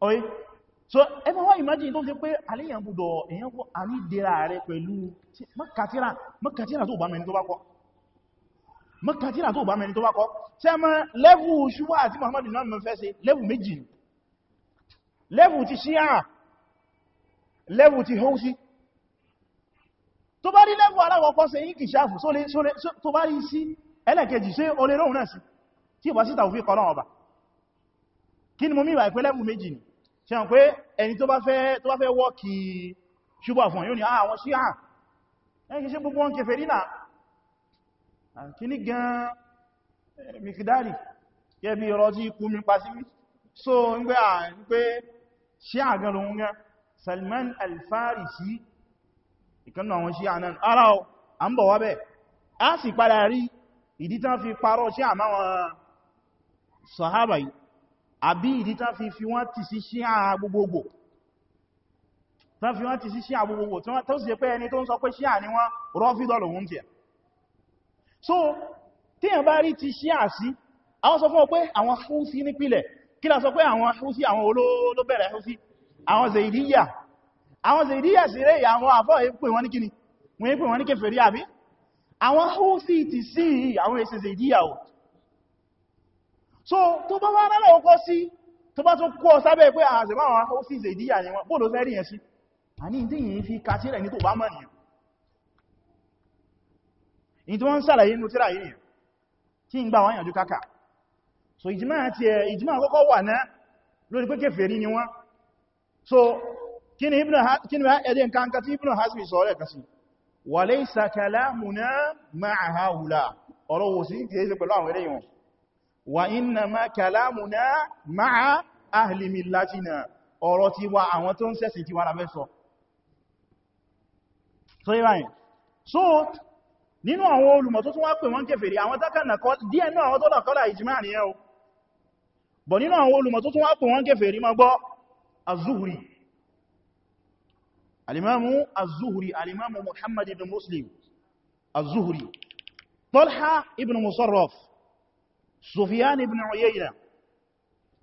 oye so ẹmọ wá imagine tó ṣe pé aléyàn gbọdọ̀ èyàn kó àrídẹ́ra rẹ pẹ̀lú mọ́kàtíra tó bá mẹ́ni tó bá kọ́ mọ́kàtíra tó bá mẹ́ni tó bá kọ́ tí a máa lẹ́wù ṣúwà àti Muhammadu náà mọ́ fẹ́ ṣe lẹ́wù méjì lẹ́wù ti ṣíyà lẹ́wù ti hóṣí tó bá rí lẹ́wù aláwọ̀kọ́ ṣe yí kì ṣáàfù tó bá rí sí ẹlẹ́kẹjì ṣe olè náà sí tí ìbá síta òfin kọlọ́wọ̀ bá kí ni mo mìíràn ìpé lẹ́bù méjì ni ṣe hàn pé ẹni tó bá fẹ́ wọ́ kí ṣúgbà fún yóò ní ah, àwọn ṣíà ẹni kí ṣe gbogbo wọn kẹfẹ́ rí náà kí ní gan mikidari yẹ bí ọ̀rọ̀ tí kú mi pa sí so ń gbé à ń pé ṣíà gan lóhun gan Salman al-Farisi ìkannú àwọn ṣíà náà ara ọ à ń bọ̀ wábẹ̀ a sì padà rí ìdí tán fi parọ́ ṣíà máwọn sàhábà yìí àbí ìdí tá fi fi wọ́n ti sí sí àà gbogbogbò tá fi wọ́n ti sí sí àà gbogbogbò tí wọ́n tó sì pé ẹni tó ń sọ pé síà ni wọ́n rọ́fídọ̀ lòun tí ẹ̀ so tí ẹ̀ bá rí ti síà sí àwọn sọ fún ọ pé àwọn húsí nípìlẹ̀ kí la sọ pé àwọn húsí àwọn olóbẹ̀rẹ̀ húsí àwọn zèidíyà àwọn zèidíyà sí rẹ̀ àwọn àfọ́ èpè wọn ní kíni wọ́n èpè wọn ní kèfèrí àbí àwọn húsí ti sí àwọn èsè zèidíyà o so tó bá wá rẹ́lẹ̀ ọkọ́ sí tó bá tó kọ́ sábẹ́ pé àṣẹ̀báwọn ah, ọ́fíìsì ìdíyà ni wọ́n bóòlò fẹ́rí yẹn sí àní tí yìí fi kàtí rẹ̀ ní tó bá mọ̀ nìyàn ní tí wọ́n ń sàlàyé inú tíra yìí tí ń gbà wọ́n yànjú kákà so ìjìmá àti ìjìmá àkọ́kọ́ wà náà lórí pé kèfèrí ni wọ́n so kí ni ẹ̀dẹ́ nǹkan tí Ibn Hazmi sọ rẹ̀ kasi wa laysa kalamuna ma'a haula ọ̀rọ̀ wò sí kèése pẹ̀lú àwọn eléyìn wọn wa innama kalamuna ma'a ahli millatina ọ̀rọ̀ ti wa àwọn tó ń ṣẹ̀sìn ti wà lábẹ́ sọ so ìbáyìn so nínú àwọn olùmọ̀ tó tún wá pè wọ́n kèfèrí àwọn tákànà díẹ̀ nínú àwọn tó lọ̀kọ́lá ìjìmá ni ẹ́ o bọ̀ nínú àwọn olùmọ̀ tó tún wá pè wọ́n سفيان بن عيينة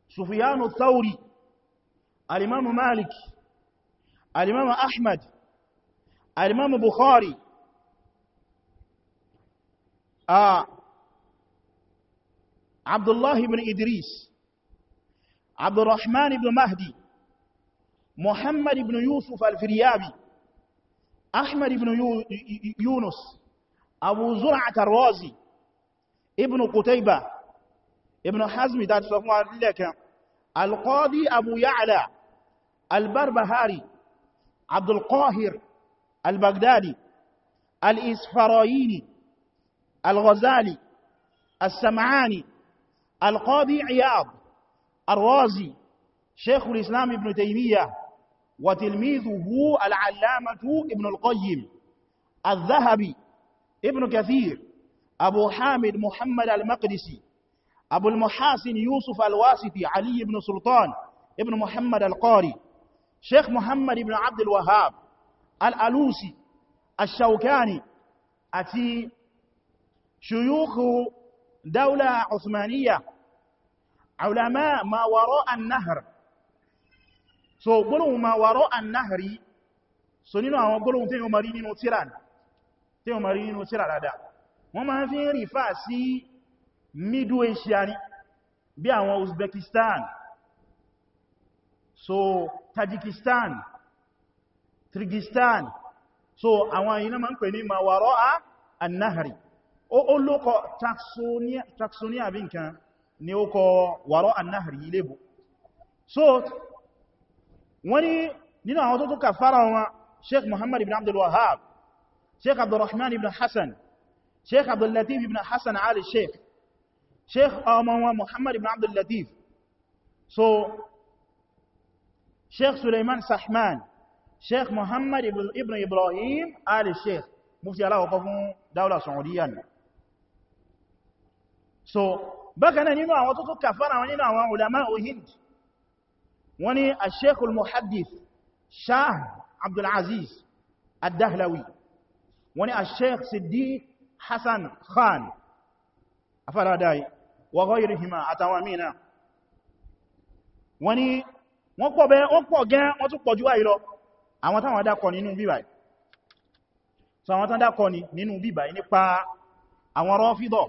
سفيان الثوري الإمام مالك الإمام أحمد الإمام بخاري آه عبد الله بن إدريس عبد الرحمن بن مهدي محمد بن يوسف الفريابي أحمد بن يونس أبو زرعة الرازي ابن قتيبة ibn hazmi dati sọ fún alẹ́kan alqadi abu ya'la عبد القاهر البغدادي الإسفرايني الغزالي السمعاني القاضي عياض الرازي شيخ الإسلام ابن تيمية وتلميذه العلامة ابن القيم الذهبي ابن كثير أبو حامد محمد المقدسي أبو المحاسن يوسف الواسطي علي بن سلطان ابن محمد القاري شيخ محمد بن عبد الوهاب الألوسي الشوكاني أتي شيوخ دولة عثمانية علماء ما وراء النهر so gbólóhùn ma wàrọ́ annahari so nínú àwọn gbólóhùn tí yíò mari nínú tíra dáadáa wọ́n ma fi ń rí fà sí middle asia ní bí àwọn uzbekistan so tajikistan trigistan so àwọn iná ma ń pè ní mawaro a annahari ó lókọ taxonia bí nǹkan ni ó kọ waro annahari ilébò so wọ́n ní nínú àwọn tó tó kàfàrà wọn sheikh muhammad ibn abdul wahab sheikh abdulrahman ibn hassan sheikh abdullatif ibn hassan ali sheikh sheikh ọmọ muhammad ibn abdul latif so sheikh suleiman sahman sheikh muhammad ibn ibrahim ali sheikh mufti aláwọ̀kọ́ fún dáúlà saudiya ni so bákanáà nínú àwọn tó tó kàfàrà wọn nínú àwọn ulama ohind wọ́n ni a sheikh al-muhaddith shah abdulaziz ad-dahlawi wọ́n ni a sheikh siddiq hassan khan afára dáyìí wa ghayrihima àtàwọn mìíràn wọ́n ni wọ́n pọ̀ bẹ́ wọ́n pọ̀ gẹ́ wọ́n tún pọ̀ lọ àwọn táwọn dákọ̀ nínú bíbáyìí so àwọn tán dákọ̀ nínú bíbáyìí nípa àwọn Rāfidah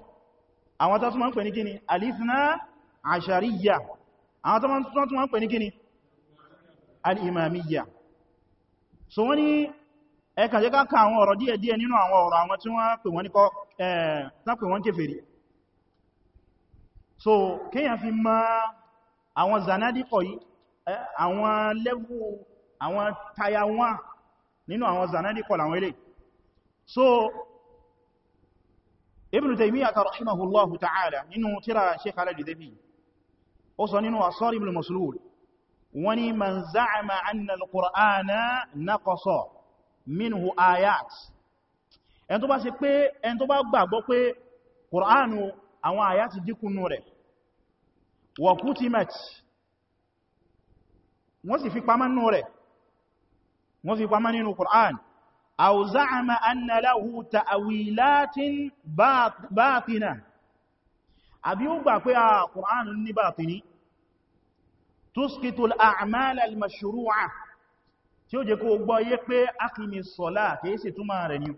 àwọn tó túnmọ̀ ń pè ní kíni alìsìnà àṣàríyà àwọn so wọ́n ni ẹkàjẹ́ká àwọn ọ̀rọ̀ díẹ̀díẹ̀ nínú àwọn ọ̀rọ̀ àwọn tí wọ́n pè wọ́n so kíyàn fi ma àwọn zanadikọ̀ yìí àwọn lẹ́wù àwọn tayawa nínú àwọn zanadikọ̀ làwọn ilé so Ibn Taymiyyah rahimahullahu ta'ala nínú tírà Shaykh al-Jadhabi ó sọ nínú asọ́rì ibn Maslul wọ́n ni man za'ama anna al-Qur'ana naqasa minhu ayat ẹn tó bá ṣe pé ẹn tó bá gbàgbọ́ pé Qur'anu àwọn àyà ti dínkù wa kutimat wọ́n sì fi pamọ́ nínú rẹ̀ wọ́n sì pamọ́ nínú Qur'an aw za'ama anna lahu ta'wilatin bátina àbí ó gbà pé a Qur'an ní bátini tusqitu al-a'mal al-mashru'a tí ó jẹ́ kó gbọ́ yé pé akìmì sọ̀lá kìí sì túnmà rẹ̀ ní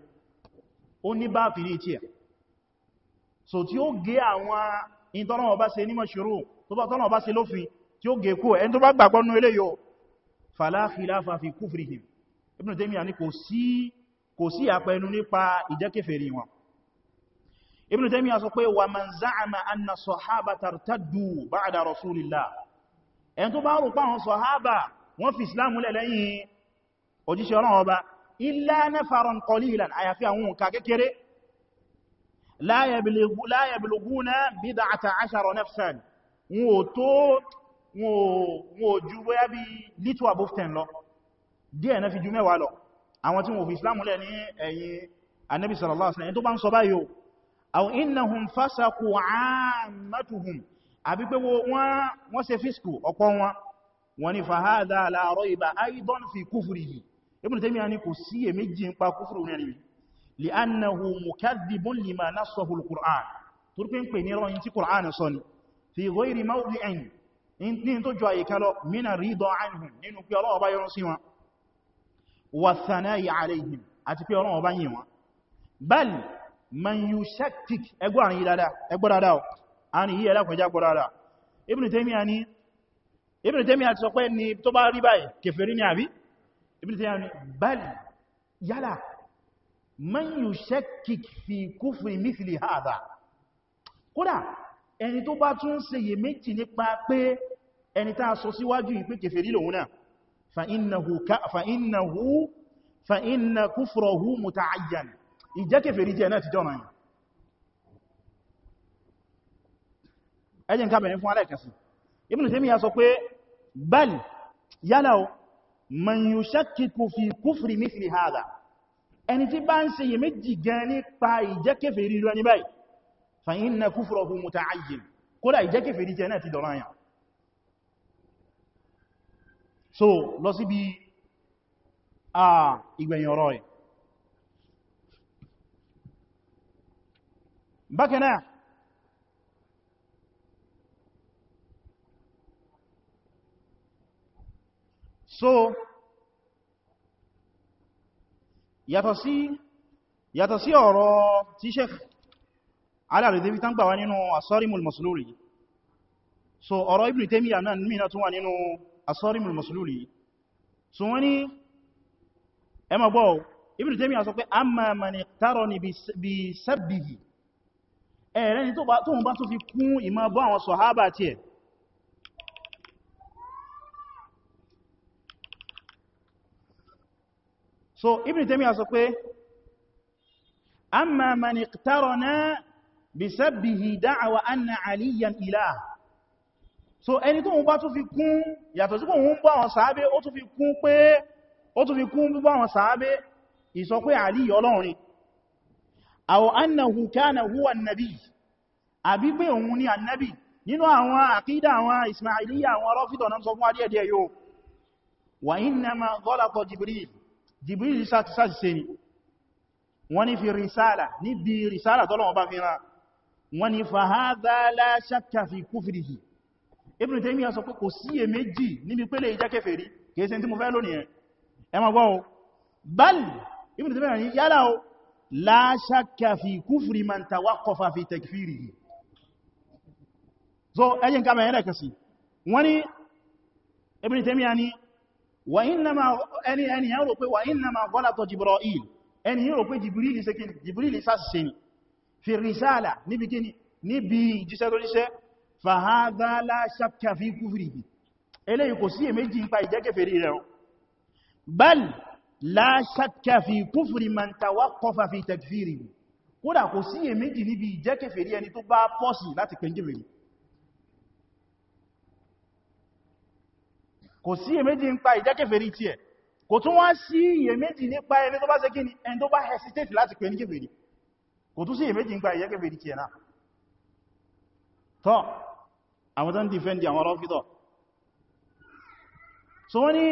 tó bá tọ́nà bá ṣe lófin tí ó gé kú ẹni tó bá gbàgbọ́ nú ilé yóò fala khilafa fi kufrihim Ibn Taymiyyah ní kò sí kò sí àpẹẹnu nípa ìjẹ́kẹfẹ̀rí wọn Ibn Taymiyyah sọ pé wa man za'ama anna sahaba tartaddu ba'da rasulillah wọn ò tó wọn ò ju bóyá bí little above 10 lọ díẹ̀ náà fi ju mẹ́wàá lọ àwọn tí wọ́n fi islam lẹ́ ní ẹ̀yìn annabi sallallahu alaihi wasallam tó bá ń sọ báyìí àwọn innahum fasaqu ammatuhum àbí pé wọ́n ṣe fisku ọ̀pọ̀ wọn wọ́n ní fahadha la rayba aidan fi kufrihi ibn taymiya tí Qur'an sọ ni fi ghairi mawdi'in ní tó jọ àyíká lọ mina ridha anhum nínú pé Ọlọ́run bá yọ́nú sí wọn wa thana'i alayhim àti pé Ọlọ́run bá yìn wọn bal man yushakik ẹgbọ́ àrin ìdádá ẹgbọ́ dada ọ a ní yíyẹ lákọjá gbọ́ dada Ibn Taymiyyah ni Ibn Taymiyyah ti sọ pé ẹni tó bá tún ṣe yè méjì nípa pé ẹni tá a sọ síwájú ìpé kèfèrí lòun náà fa inna kufrahu muta'ayyan ìjẹ́ kèfèrí jẹ́ náà ti jọ́nà yìí ẹjẹ́ nǹkan bẹ̀rẹ̀ fún aláìkàsí Ibn Taymiyyah sọ pé bal yálà man yushakkiku fi kufri mithli hadha ẹni tí bá ń ṣe yè méjì gan nípa ìjẹ́ kèfèrí fa inna kufrahu muta'ayyin kódà ìjẹ́ kèfèrí jẹ́ náà ti dọ̀ranyàn so lọ sí bí a ìgbẹ̀yìn ọ̀rọ̀ ẹ̀ bákan so yàtọ̀ sí yàtọ̀ sí ọ̀rọ̀ tí alárẹ̀dẹ́bí tán gbà wá nínú asọ́rímù masulúlì so ọ̀rọ̀ Ibn Taymiyyah náà mìíràn tún wà nínú asọ́rímù masulúlì so wọ́n ni ẹ ma gbọ́ Ibn Taymiyyah sọ pé amma man iqtarani bi sabbihi ẹ̀rẹ́ ni tó ń bá tó fi kún ìmá bọ́ àwọn sọ̀hábà so Ibn Taymiyyah sọ pé amma man بسبه دعوى أن عليا إله so ẹni tó ń bá tó fi kún yàtọ̀ sí kò ń bá wọn sàábé ó tó fi kún pé ó tó fi kún bá wọn sàábé ìsọ pé àlì ọlọ́rin àwọn annahu kana huwa annabi àbí pé òun ni annabi nínú àwọn àkídà àwọn ismailiyya àwọn rọ́fìdọ̀ náà sọ fún adíẹ̀díẹ̀ yóò wà innama ghalata jibril jibril sáti sáti se ni wọ́n ni fi risala níbi risala tọ́lọ́wọ́ bá fi rán wọ́n ni fahadha la shakka fi kufrihi Ibn Taymiyyah sọ pé kò sí è méjì níbi pé lè jẹ́ kèfèrí kèèsẹ́ tí mo fẹ́ lónìí ẹ ẹ má gbọ́ o bal Ibn Taymiyyah ni yálà o la fi kufri man tawaqqafa fi takfirihi so ẹjẹ́ fi risala níbi kíni níbi jíṣẹ́ tó jíṣẹ́ fàhádá la shakka fi kufrihi eléyìí kò sí èméjì ipa ìjẹ́kẹfẹ̀rí rẹ̀ o bal la shakka fi kufri man tawaqqafa fi takfirihi kódà kò sí èméjì níbi ìjẹ́kẹfẹ̀rí ẹni tó bá pọ́sì láti pẹ̀ngẹ̀fẹ̀rí kò sí èméjì nípa ìjẹ́kẹfẹ̀rí tiẹ̀ kò tún sí èméjì ń pa ìyẹ́ kèfèrí kí ẹ̀nà tọ́ àwọn tán dìfẹ́ndì àwọn rọ́fítọ̀ so wọ́n ni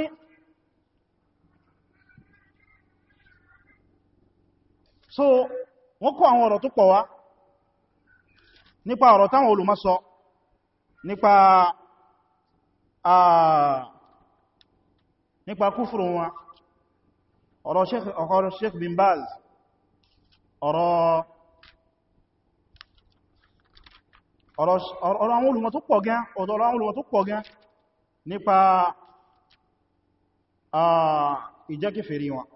so wọ́n kọ àwọn ọ̀rọ̀ tó pọ̀ wá nípa ọ̀rọ̀ táwọn olùmọ̀ nípa nípa kúfùrù wọn ọ̀rọ̀ Sheikh bin Baz ọ̀rọ̀ ọ̀rọ̀ àwọn olùmọ̀ tó pọ̀ gan ọ̀dọ̀ àwọn olùmọ̀ tó pọ̀ gan nípa ìjẹ́kẹfẹ̀rí wọn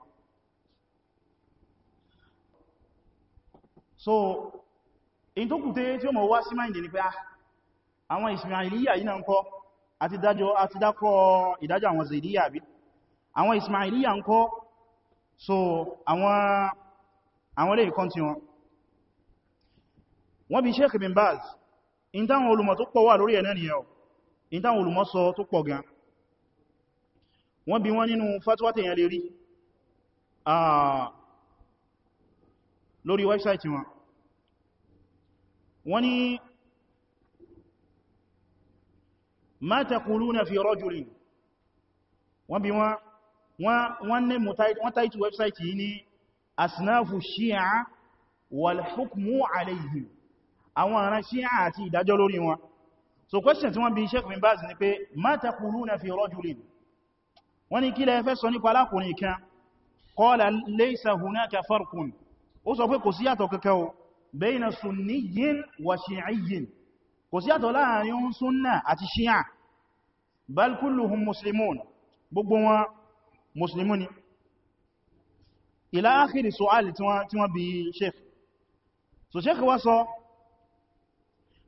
so in tó kùté tí ó mọ̀ wá sí máìndì ni pé ah, àwọn Ismailiyya yìí náà ń kọ́ àti dájọ́ àti dákọ́ ìdájọ́ so àwọn àwọn lè kọ́ tí wọn wọ́n bí Sheikh bin Baz in táwọn olùmọ̀ tó pọ̀ wà lórí ẹ̀ náà nìyẹn in táwọn olùmọ̀ sọ tó pọ̀ gan wọ́n bi wọ́n nínú fatwa tèyàn lè rí lórí wẹ́bsáìtì wọn wọ́n ní ma taquluna fi rajulin wọ́n bi wọ́n wọ́n wọ́n táìtù wẹ́bsáìtì yìí ní asnafu shi'a wal hukmu alayhim àwọn ará Ṣíà àti ìdájọ́ lórí wọn so question tí wọ́n bi Sheikh Bin Baz ni pé ma taquluna fi rajulin wọ́n ní kí lẹ fẹ́ sọ nípa alákùnrin kan qala laysa hunaka farqun ó sọ pé kò sí yàtọ̀ kankan o bayna sunniyin wa shi'iyyin kò sí yàtọ̀ láàrin sunna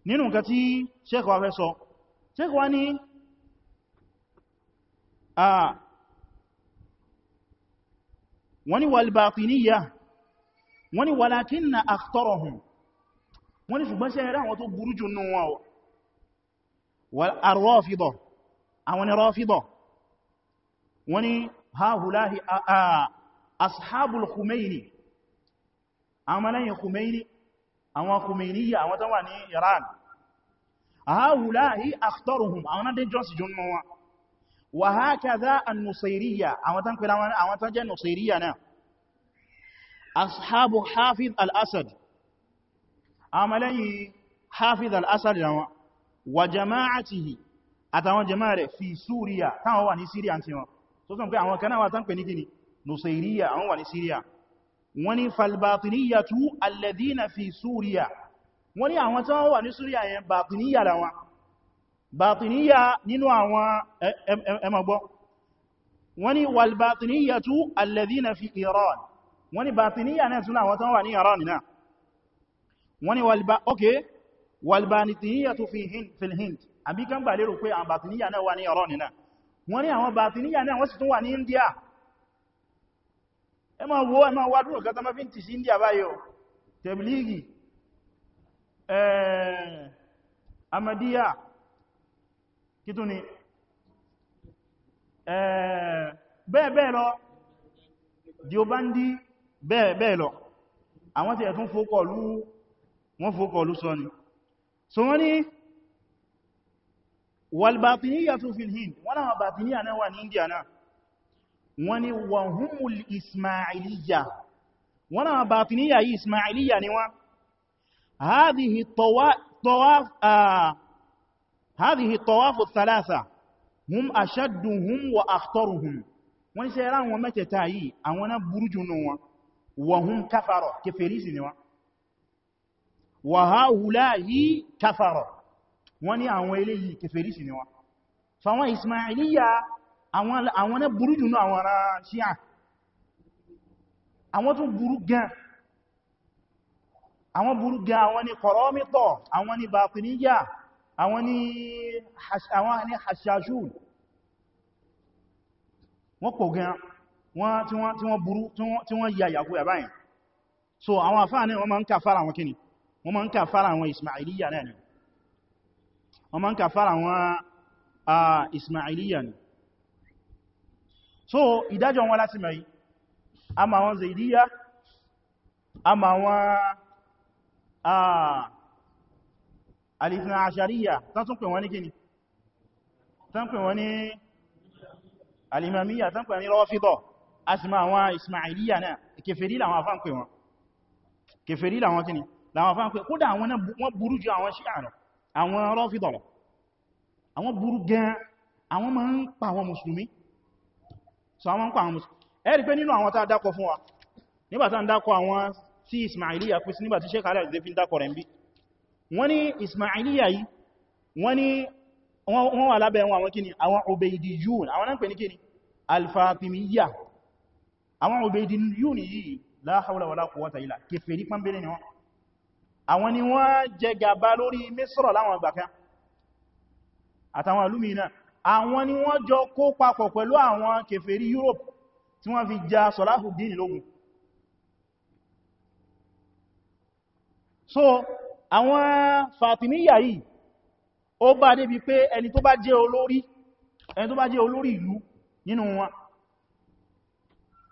nínú nǹkan tí sheikh wa fẹ́ sọ sheikh wa ní à wọ́n ní wal-Batiniyya wọ́n ní walakinna akhtarahum wọ́n ní ṣùgbọ́n ṣe rẹ̀ àwọn tó burú jù nù wọn wal-Rāfidah àwọn ni àwọn mẹ́lẹ́yìn Khumayni àwọn tó wà ní Iran هؤلاء أخطرهم أولا دينجرس جنوا وهكذا النصيرية او تنج النصيرية نا أصحاب حافظ الأسد عملي حافظ الأسد نا وجماعته اتوا جماعة في سوريا تنوى ني سوريا انتوا سوزن كي أولا كانوا تنجى نكيني نصيرية أولا ني سوريا وني فالباطنية الذين في سوريا wọ́n ní àwọn tí wọ́n wà ní Syria yẹn bàtíníyà làwọn bàtíníyà nínú àwọn ẹmọ̀gbọ́ wọ́n ní wal bàtíníyatu alladhina fi Iran wọ́n ní bàtíníyà náà tún àwọn tí wọ́n wà ní Iran náà wọ́n ní wal bàtíníyatu fil Hind àbí kan gbà lérò pé àwọn bàtíníyà náà wà ní Iran náà wọ́n ní àwọn bàtíníyà náà wọ́n sì Eh, amadiya kí tó ni bẹ́ẹ̀bẹ́ẹ̀ eh, lọ Diobandi bẹ́ẹ̀bẹ́ẹ̀ lọ àwọn tí ẹ̀tún fókọ̀lú wọ́n fókọ̀lú sọ ni so wọ́n ni walbatiniya tó fi hìn wọ́n náà batiniya náà wà ní India náà wọ́n ni wọ́n húnmù ismailiyya wọ́n náà batiniya yìí ismailiyya ni wọ́n هذه الطواف آه، هذه الطواف الثلاثه هم اشدهم واخطرهم وان سيران ومتتا اي اونا برجنوا وهم كفر كفريسين وهؤلاء كفر وان اون الي كفريسين فوان اسماعيليه اون اونا برجنوا اونا شيعه اون تو برو àwọn burúkú àwọn ni kọ̀rọ́mítọ̀ àwọn ni bàtíníyà àwọn ni hashashun wọ́n pọ̀ gan wọ́n tí wọ́n burú tí wọ́n yà yàkú yà báyìí so àwọn àfáà ní wọ́n ma ń kà fara àwọn kíni wọ́n ma ń kà fara àwọn ismailiyya náà ni wọ́n ma ń kà fara àwọn ismailiyya ni so ìdájọ́ wọn láti mẹ́rin a ma wọn zaidiyya a ma wọn alìsìn àṣàríyà tán tún pè wọ́n ní kíni tán pè wọ́n ní alìmàmíyà tán pè ní rọ́fídọ̀ a sì máa wọn ismailiyya náà kèfèrí làwọn afán pè wọ́n kèfèrí làwọn kíni làwọn afán pè kódà àwọn burú ju àwọn Ṣíà lọ àwọn rọ́fídọ̀ tí ismailiya pín sí nígbàtí sheik alá ìdẹ́fin dákọrẹ̀ ń bí wọ́n ní ismailiya yìí wọ́n ní wọ́n wà lábẹ́ wọn àwọn kíni àwọn obeidiyun àwọn náà pè ní kíni alfatimiya àwọn obeidiyun yìí la hawla wala quwwata illa kèfèrí pánbélé ni wọ́n àwọn ni wọ́n jẹ gàba lórí misra láwọn àgbàkan àtàwọn alúmìnà àwọn ni wọ́n fi ja Salahuddin lógun so àwọn Fatimiyya yìí ó bá débi pé ẹni tó bá jẹ́ olórí ẹni tó bá jẹ́ olórí ìlú nínú wọn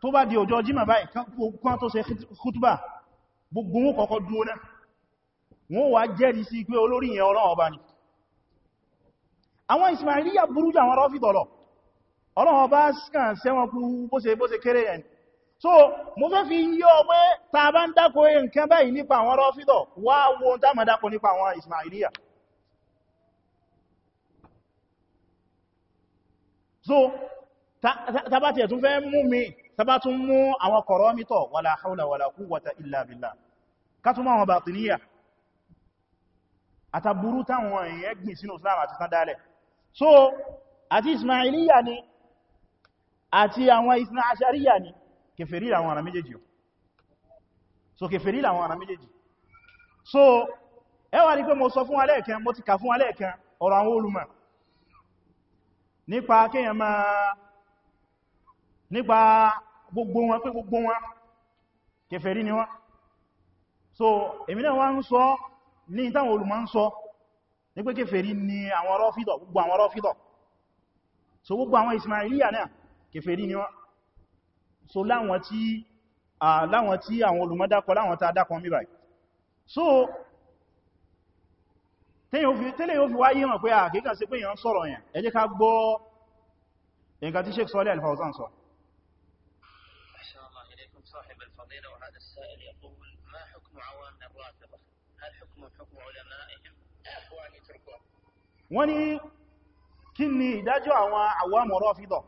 tó bá di ọjọ́ jímọ̀ báyìí kan tó ṣe khutba gbogbo wọn kọ́kọ́ dúó náà wọ́n wá jẹ́rìí sí pé olórí yẹn ọlọ́run ọba ni àwọn Ismailiyya burú jù àwọn Rọ́fídọ̀ lọ ọlọ́run ọba kàn sẹ́wọn kú bó ṣe kéré yẹn so mo fẹ́ fi yí ọ pé ta bá ń dákò ẹ̀ nǹkan báyìí nípa àwọn rọ́fídọ̀ wá wo ń dámà dákò nípa àwọn Ismailiyya so ta bá tiẹ̀ tún fẹ́ mú mi ta bá tún mú àwọn kọ̀rọ̀ mítọ̀ wala hawla wala quwwata illa billah ká àwọn Batiniyya àtàbúrú ni kèfèrí làwọn ara méjèèjì so kèfèrí làwọn ara méjèèjì so ẹ wá rí pé mo sọ fún alẹ́ẹ̀kan mo ti kà fún alẹ́ẹ̀kan ọ̀rọ̀ àwọn olùmọ̀ nípa kíyàn máa nípa gbogbo wọn pé gbogbo wọn kèfèrí ni wọ́n so èmi náà wá ń sọ ní ìtàwọn olùmọ̀ ń sọ ní pé kèfèrí ni àwọn Rọ́fídọ̀ gbogbo àwọn Rọ́fídọ̀ so gbogbo àwọn Ismailiyya náà kèfèrí ni wọ́n so láwọn tí láwọn tí àwọn olùmọ́dákọ láwọn tá dákọ mí báyìí so tẹ́lẹ̀ yóò fi wáyé hàn pé àkíkà sí pé èyàn sọ̀rọ̀ yẹn ẹ jẹ́ ká gbọ́ nǹkan tí Shaykh Saalih Al Fawzān sọ wọ́n ní kí ni ìdájọ́ àwọn àwọn Rāfidah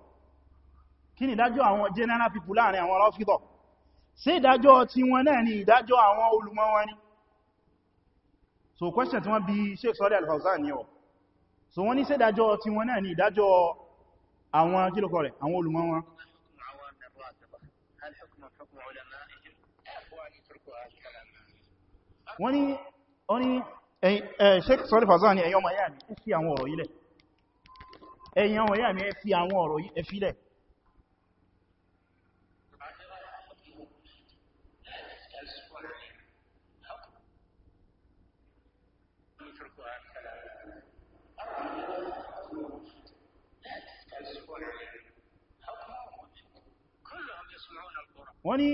kí ni ìdájọ́ àwọn general people láàrin àwọn rọ́fídọ̀ ṣé ìdájọ́ tí wọn náà ni ìdájọ́ àwọn olùmọ̀ wọn ni so question tí wọ́n bi Sheikh Sọ́lẹ̀ al ni ọ̀ so wọ́n ní ṣé ìdájọ́ tí wọn náà ni ìdájọ́ àwọn kílùkọ rẹ̀ àwọn olùmọ̀ wọn wọ́n ní wọ́n ní Sheikh Sọ́lẹ̀ Al-Fawzan ni ẹ̀yọ́ ma yà ní ẹ fi àwọn ọ̀rọ̀ yìí lẹ̀ wọ́n ní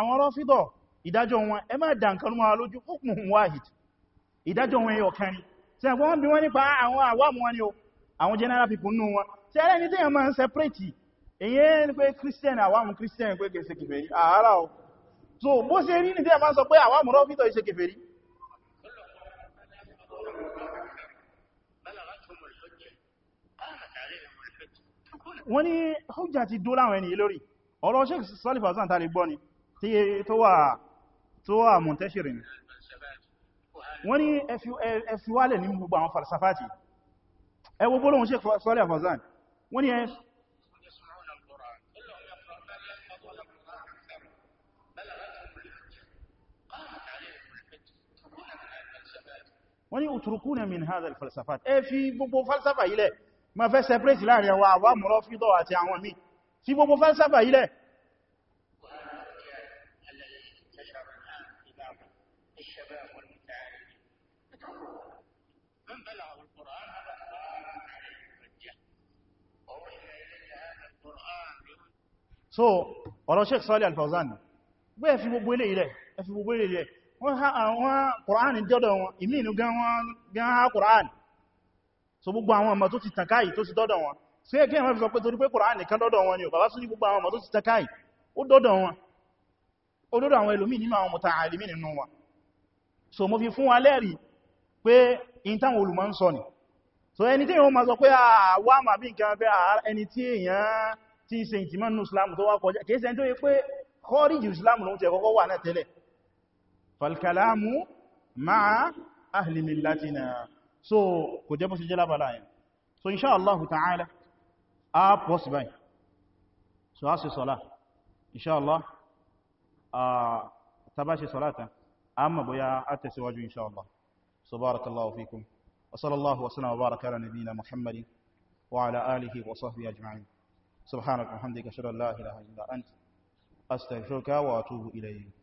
àwọn rọ́fídọ̀ ìdájọ́ wọn ẹ má dànkanú wọn lójú hukmun wahid ìdájọ́ wọn yóò kan ní tí a gbọ́n bí wọ́n nípa àwọn àwọ́mù wọn ni o àwọn general people nú wọn tí a lẹ́ni tí a máa ń separate èyẹ́ ni pé christian àwọ́mù christian pé kèsè kèfèrí ààrà o so bó ṣe rí ní a máa sọ pé àwọ́mù rọ́fídọ̀ ìṣe kèfèrí wọ́n ní hujja ti dó láwọn ẹni lórí ọ̀rọ̀ sheik salif hasan tàbí gbọ́ ni tí e tó wà tó wà mọ̀ntẹ́ṣìrì ni wọ́n ní ẹfiwálẹ̀ ní gbogbo àwọn falsafati ẹwọ gbọ́lọ̀wọ̀n sheik salif hasan wọ́n ní wọ́n ní utrukuna min hadha al-falsafat ẹ fi gbogbo falsafa ilẹ̀ ma fẹ́ separate láàrin àwọn àwọn mọ̀rọ̀ àti àwọn míì kí gbogbo fẹ́nsáfà ilẹ̀ so ọ̀rọ̀ Sheikh Salih Al-Fawzan gbé ẹ̀fí gbogbo ilé ilẹ̀ ẹ̀fí gbogbo ilé ilẹ̀ wọ́n ha àwọn Kùránì dọ́dọ̀ wọn ìmìnú gan ha Kùránì so gbogbo àwọn ọmọ tó ti tàkáyì tó ti dọ́dọ̀ wọn sí ẹgbẹ́ ìwọ̀n fi sọ pé torí pé Kùránì dọ́dọ̀ wọn ni ò bàbá sún ní gbogbo àwọn ọmọ tó ti takai ó dọ́dọ̀ wọn ó dọ́dọ̀ àwọn ẹlòmí nínú so mo fi fún wa lẹ́rìí pé in táwọn olùmọ̀ ń sọ ni so ẹni tí wọ́n ma sọ pé àwọ́ àmà nǹkan fẹ́ so kò jẹ́ bó jẹ́ lábàlá yẹn ta'ala a pọ̀ sí so a ṣe sọ́lá inṣáàlá a tàbá ṣe sọ́láta a mọ̀ bóyá a tẹ̀síwájú inṣáàlá so barakallahu fikum wa sallallahu wa sallam wa baraka ala nabina muhammadin wa ala alihi wa sahbihi ajma'in subhanaka wa hamdika ashhadu an la ilaha illa anta astaghfiruka wa atubu ilayk